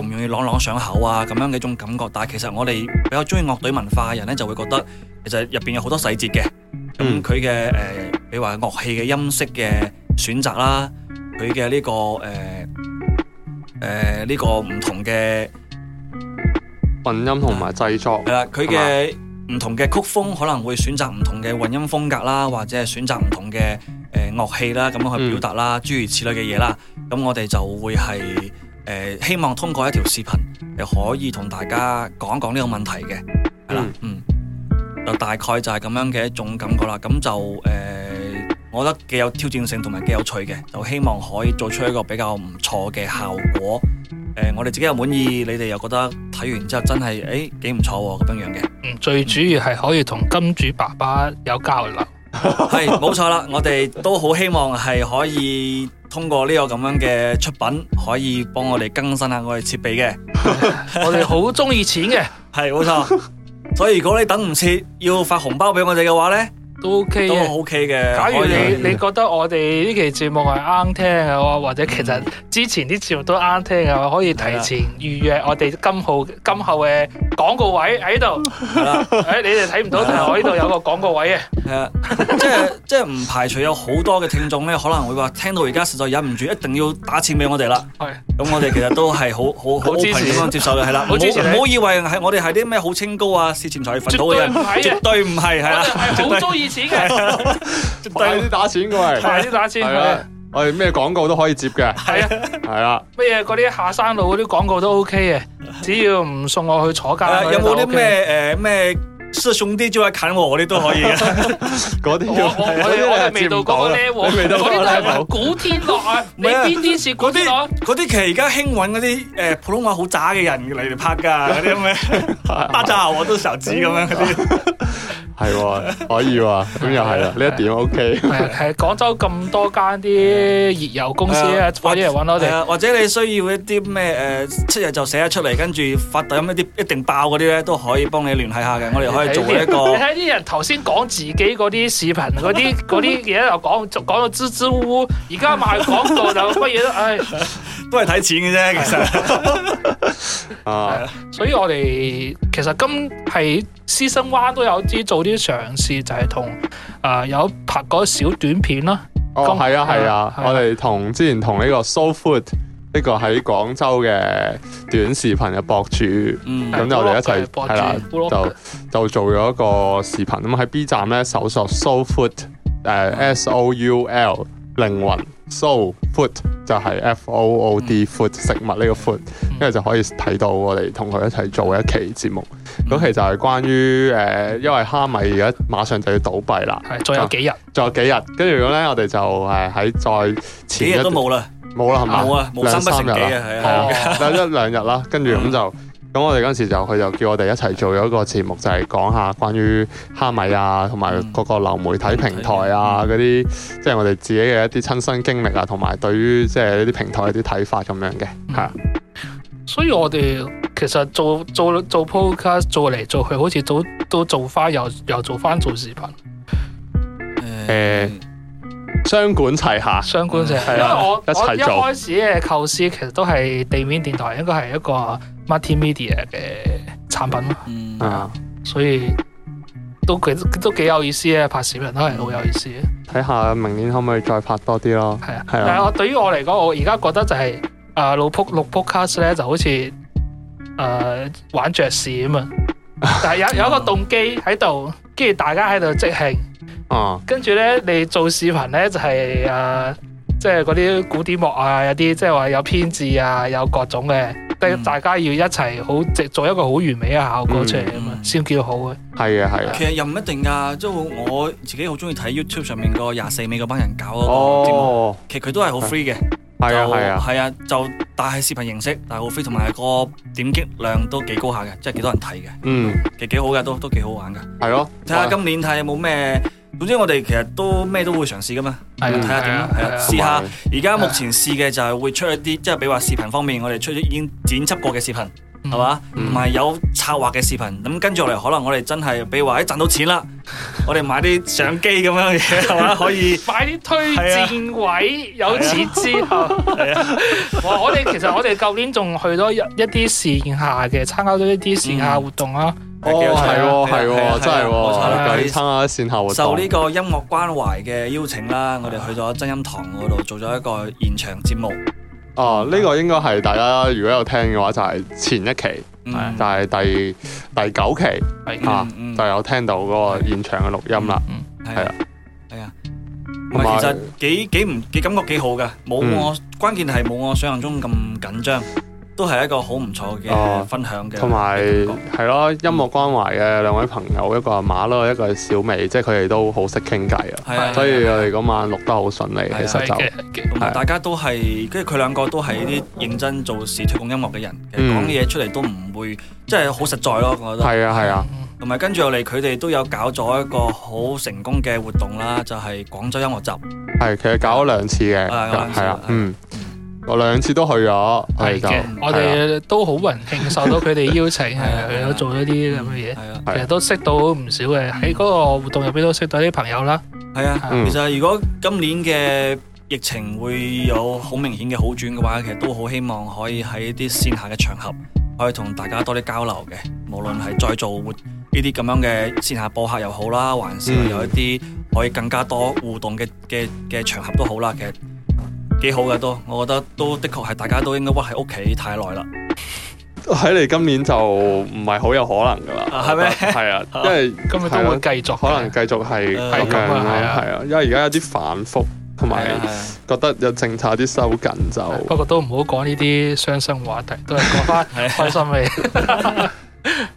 容唔容易朗朗上口啊？咁樣嘅一種感覺，但係其實我哋比較中意樂隊文化呢，嘅人咧就會覺得其實入邊有好多細節嘅。咁佢嘅誒，你話樂器嘅音色嘅選擇啦，佢嘅呢個誒誒呢個唔同嘅混音製、啊、同埋製作係啦，佢嘅唔同嘅曲風嗎可能會選擇唔同嘅混音風格啦，或者係選擇唔同嘅誒樂器啦，咁樣去表達啦，諸、嗯、如此類嘅嘢啦。咁我哋就會係。希望通過一條視頻，又可以同大家講一講呢個問題嘅，係啦，嗯，嗯，就大概就係咁樣嘅一種感覺啦。咁就誒、呃，我覺得幾有挑戰性同埋幾有趣嘅，就希望可以做出一個比較唔錯嘅效果。誒、呃，我哋自己又滿意，你哋又覺得睇完之後真係誒幾唔錯咁樣樣嘅。嗯，最主要係可以同金主爸爸有交流。嗯係冇錯啦，我哋都好希望係可以通過呢個咁樣嘅出品，可以幫我哋更新下我哋設備嘅。 我哋好中意錢嘅，係冇錯。所以如果你等唔切要發紅包俾我哋嘅話呢。都 OK 嘅，假如你你覺得我哋呢期節目係啱聽嘅，或者其實之前啲節目都啱聽嘅，可以提前預約我哋今後今後嘅廣告位喺度。誒，你哋睇唔到，但係我呢度有個廣告位嘅。係啊，即係即係唔排除有好多嘅聽眾咧，可能會話聽到而家實在忍唔住，一定要打錢俾我哋啦。咁我哋其實都係好好好歡迎方接受嘅，係啦。唔好唔好以為係我哋係啲咩好清高啊，視錢財如糞土，絕對唔係，絕對唔係，係啊，好中意。錢嘅，快啲打錢過嚟，快啲打錢，係啊，我哋咩廣告都可以接嘅，係啊，係啊，乜嘢嗰啲下山路嗰啲廣告都 OK 嘅，只要唔送我去坐監，OK、有冇啲咩誒咩四兄弟做下近我嗰啲都可以，嗰啲我我我係未到嗰個呢，嗰啲係古天樂啊，你邊啲是古天樂、啊？嗰啲其實而家興搵嗰啲誒普通話好渣嘅人嚟嚟拍噶嗰啲咩，大渣我都受唔住咁樣嗰啲。係喎、喔，可以喎、喔，咁又係啦，呢一點 OK。係啊，廣州咁多間啲熱油公司啊，快啲嚟揾我哋。或者你需要一啲咩誒，七日就寫得出嚟，跟住發抖音一啲一定爆嗰啲咧，都可以幫你聯繫下嘅。我哋可以做一個。你睇啲人頭先講自己嗰啲視頻嗰啲啲嘢又講講到支支吾吾，而家賣廣告就乜嘢都，唉、哎，都係睇錢嘅啫，其實。啊 所以我哋其實今係獅生灣都有啲做。啲嘗試就係同誒有拍過小短片啦。哦，係公啊，係啊，啊我哋同之前同呢個 Soul Food 呢個喺廣州嘅短視頻嘅博主，咁、嗯、就我哋一齊係啦，就就做咗一個視頻啊喺 B 站咧搜索 Soul Food 誒、呃、S O U L 靈魂。So food, food 就係 F O O D food、mm. 食物呢、這個 food 跟住就可以睇到我哋同佢一齊做一期節目。嗰期、mm. 就係關於誒、呃，因為蝦米而家馬上就要倒閉啦，係，仲有幾日？仲有，有幾日？跟住咁咧，我哋就誒喺再前，幾日都，都冇啦，冇啦，冇啊，冇三不成幾啊，係啊，一兩日啦，跟住咁就。嗯咁我哋嗰時就佢就叫我哋一齊做咗一個節目，就係講下關於蝦米啊，同埋各個流媒體平台啊，嗰啲即係我哋自己嘅一啲親身經歷啊，同埋對於即係呢啲平台一啲睇法咁樣嘅吓。嗯、是所以我哋其實做做做 Podcast 做嚟 Pod 做，做去，好似都都做翻又又做翻做視頻。誒、欸。欸。雙管齊下，雙管齊下，嗯、因為我一起我一開始嘅構思其實都係地面電台，應該係一個 multimedia 嘅產品啊，嗯、所以都幾都幾有意思嘅，拍攝人都係好有意思睇下、嗯、明年可唔可以再拍多啲咯，係、嗯、啊，係啊，但係我對於我嚟講，我而家覺得就係啊六撲六撲 cast 咧，就好似誒、呃、玩爵士啊、嗯、但係有有一個動機喺度。跟住大家喺度即興，哦，跟住咧你做視頻咧就係、是、誒、呃，即係嗰啲古典樂啊，有啲即係話有編字啊，有各種嘅，得大家要一齊好即做一個好完美嘅效果出嚟啊嘛，先叫、嗯、好啊。係啊係啊，其實又唔一定噶，即係我自己好中意睇 YouTube 上面個廿四尾嗰班人搞嗰個節目，哦、其實佢都係好 free 嘅。係啊係啊，係啊，啊就帶係視頻形式，但係我飛同埋個點擊量都幾高下嘅，即係幾多人睇嘅，嗯，其實幾好嘅，都都幾好玩嘅，係咯，啊，睇下今年睇有冇咩，總之我哋其實都咩都會嘗試噶嘛，係睇下點，係啊，試下，而家還有 目前試嘅就係會出一啲，即係比如話視頻方面，我哋出咗已經剪輯過嘅視頻。係嘛？同埋有策劃嘅視頻，咁跟住落嚟可能我哋真係，比如話欸賺到錢啦，我哋買啲相機咁樣嘢，係嘛？可以買啲推薦位有錢之後，哇！我哋其實我哋舊年仲去咗一啲線下嘅，參加咗一啲線下活動啊！哦，係喎，係喎，真係喎，梗係參加線下活動。受呢個音樂關懷嘅邀請啦，我哋去咗真音堂嗰度做咗一個現場節目。哦，呢、這個應該係大家如果有聽嘅話，就係、是、前一期，的就係第第九期嚇，就有聽到嗰個現場嘅錄音啦。係啊，係啊，同埋其實幾幾唔，幾感覺幾好㗎，冇我、嗯、關鍵係冇我想象中咁緊張。都係一個好唔錯嘅分享嘅，同埋係咯音樂關懷嘅兩位朋友，一個係馬騮，一個係小美，即係佢哋都好識傾偈啊，所以我哋嗰晚錄得好順利，其實就大家都係，跟住佢兩個都係啲認真做事、推廣音樂嘅人，講嘢出嚟都唔會即係好實在咯，我覺得係啊係啊，同埋跟住落嚟佢哋都有搞咗一個好成功嘅活動啦，就係廣州音樂集。係其實搞咗兩次嘅，係啊，嗯。我兩次都去咗，係㗎的。就我哋都好榮幸受到佢哋邀請，係去咗做咗啲咁嘅嘢。係啊 的，其實都識到唔少嘅，喺嗰個活動入邊都識到啲朋友啦。係啊，其實如果今年嘅疫情會有好明顯嘅好轉嘅話，其實都好希望可以喺啲線下嘅場合可以同大家多啲交流嘅。無論係再做活呢啲咁樣嘅線下播客又好啦，還是有一啲可以更加多互動嘅嘅嘅場合都好啦。其實幾好嘅都，我覺得都的確係，大家都應該屈喺屋企太耐啦。睇嚟今年就唔係好有可能噶啦，係咪？係啊，因為今日都會繼續，可能繼續係係咁啊，係啊，因為而家有啲反覆，同埋覺得有政策啲收緊就。不過都唔好講呢啲傷心話題，都係講翻開心嘅嘢。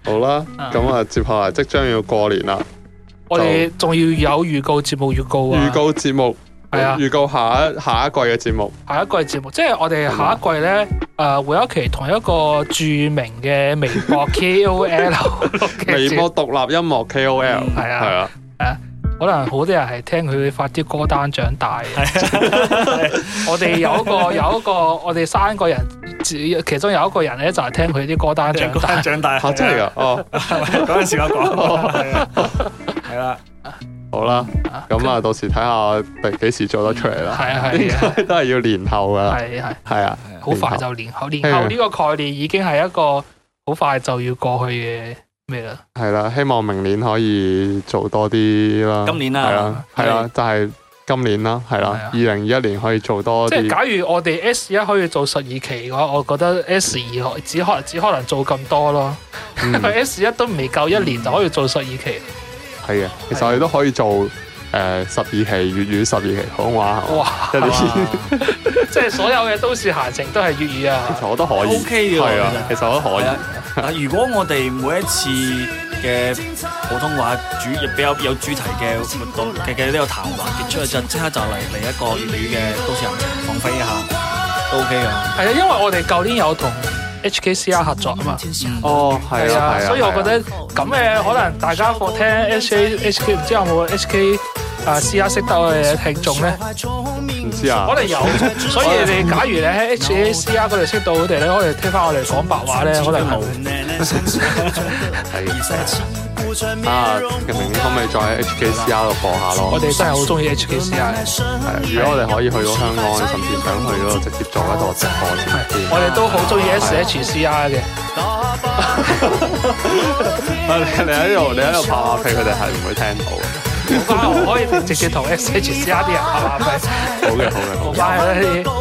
好啦，咁啊，接下來即將要過年啦，我哋仲要有預告節目，預告啊。預告節目。係啊，預告下一下一季嘅節目，下一季節目，即係我哋下一季咧，誒、呃，會有一期同一個著名嘅微博 K O L， 微博獨立音樂 K O L，係啊，係啊，誒、啊，可能好多人係聽佢發啲歌單長大，我哋有一個有一個，我哋三個人，其中有一個人咧就係、是、聽佢啲歌單長大，長大 吓，真係噶，哦，嗰 陣 時我講，係啦。 對對好啦，咁啊，到時睇下第幾時做得出嚟啦。係啊係啊，都係要年後噶。係啊係。係啊。好快就年後，年後呢個概念已經係一個好快就要過去嘅咩啦。係啦，希望明年可以做多啲啦。今年啦，係啊，就係今年啦，係啦。二零二一年可以做多。即係假如我哋 S 一可以做十二期嘅話，我覺得 S 二可只可能只可能做咁多咯。佢 S 一都未夠一年就可以做十二期。係嘅，其實我哋都可以做誒的、呃、十二期粵語十二期普通話，哇！即係所有嘅都市閒情都係粵語啊，其實我都可以 OK 嘅，係啊，其實我都可以。啊，如果我哋每一次嘅普通話主,主，比較有主題嘅活動嘅嘅呢個談話結束咗之後，即刻就嚟嚟一個粵語嘅都市閒情放飛一下，都 OK 嘅。係啊，因為我哋舊年有同。HKCR 合作啊嘛，哦，係啊，所以我覺得咁嘅可能大家課聽 HKHK 唔知有冇 HK 啊 CR 識得我哋嘅聽眾咧，唔知啊，可能有，所以你假如你喺 HKCR 嗰度識到我哋咧，可以聽翻我哋講白話咧，可能冇。啊，明年可唔可以再喺 HKCR 度播下咯？我哋真係好中意 HKCR。係，如果我哋可以去到香港，甚至想去嗰度直接做一個直播，我哋都好中意 SHCR 嘅。你喺度，你喺度拍馬屁，佢哋係唔會聽到嘅。我可可以直接同 SHCR 啲人拍馬屁？好嘅，好嘅，好嘅。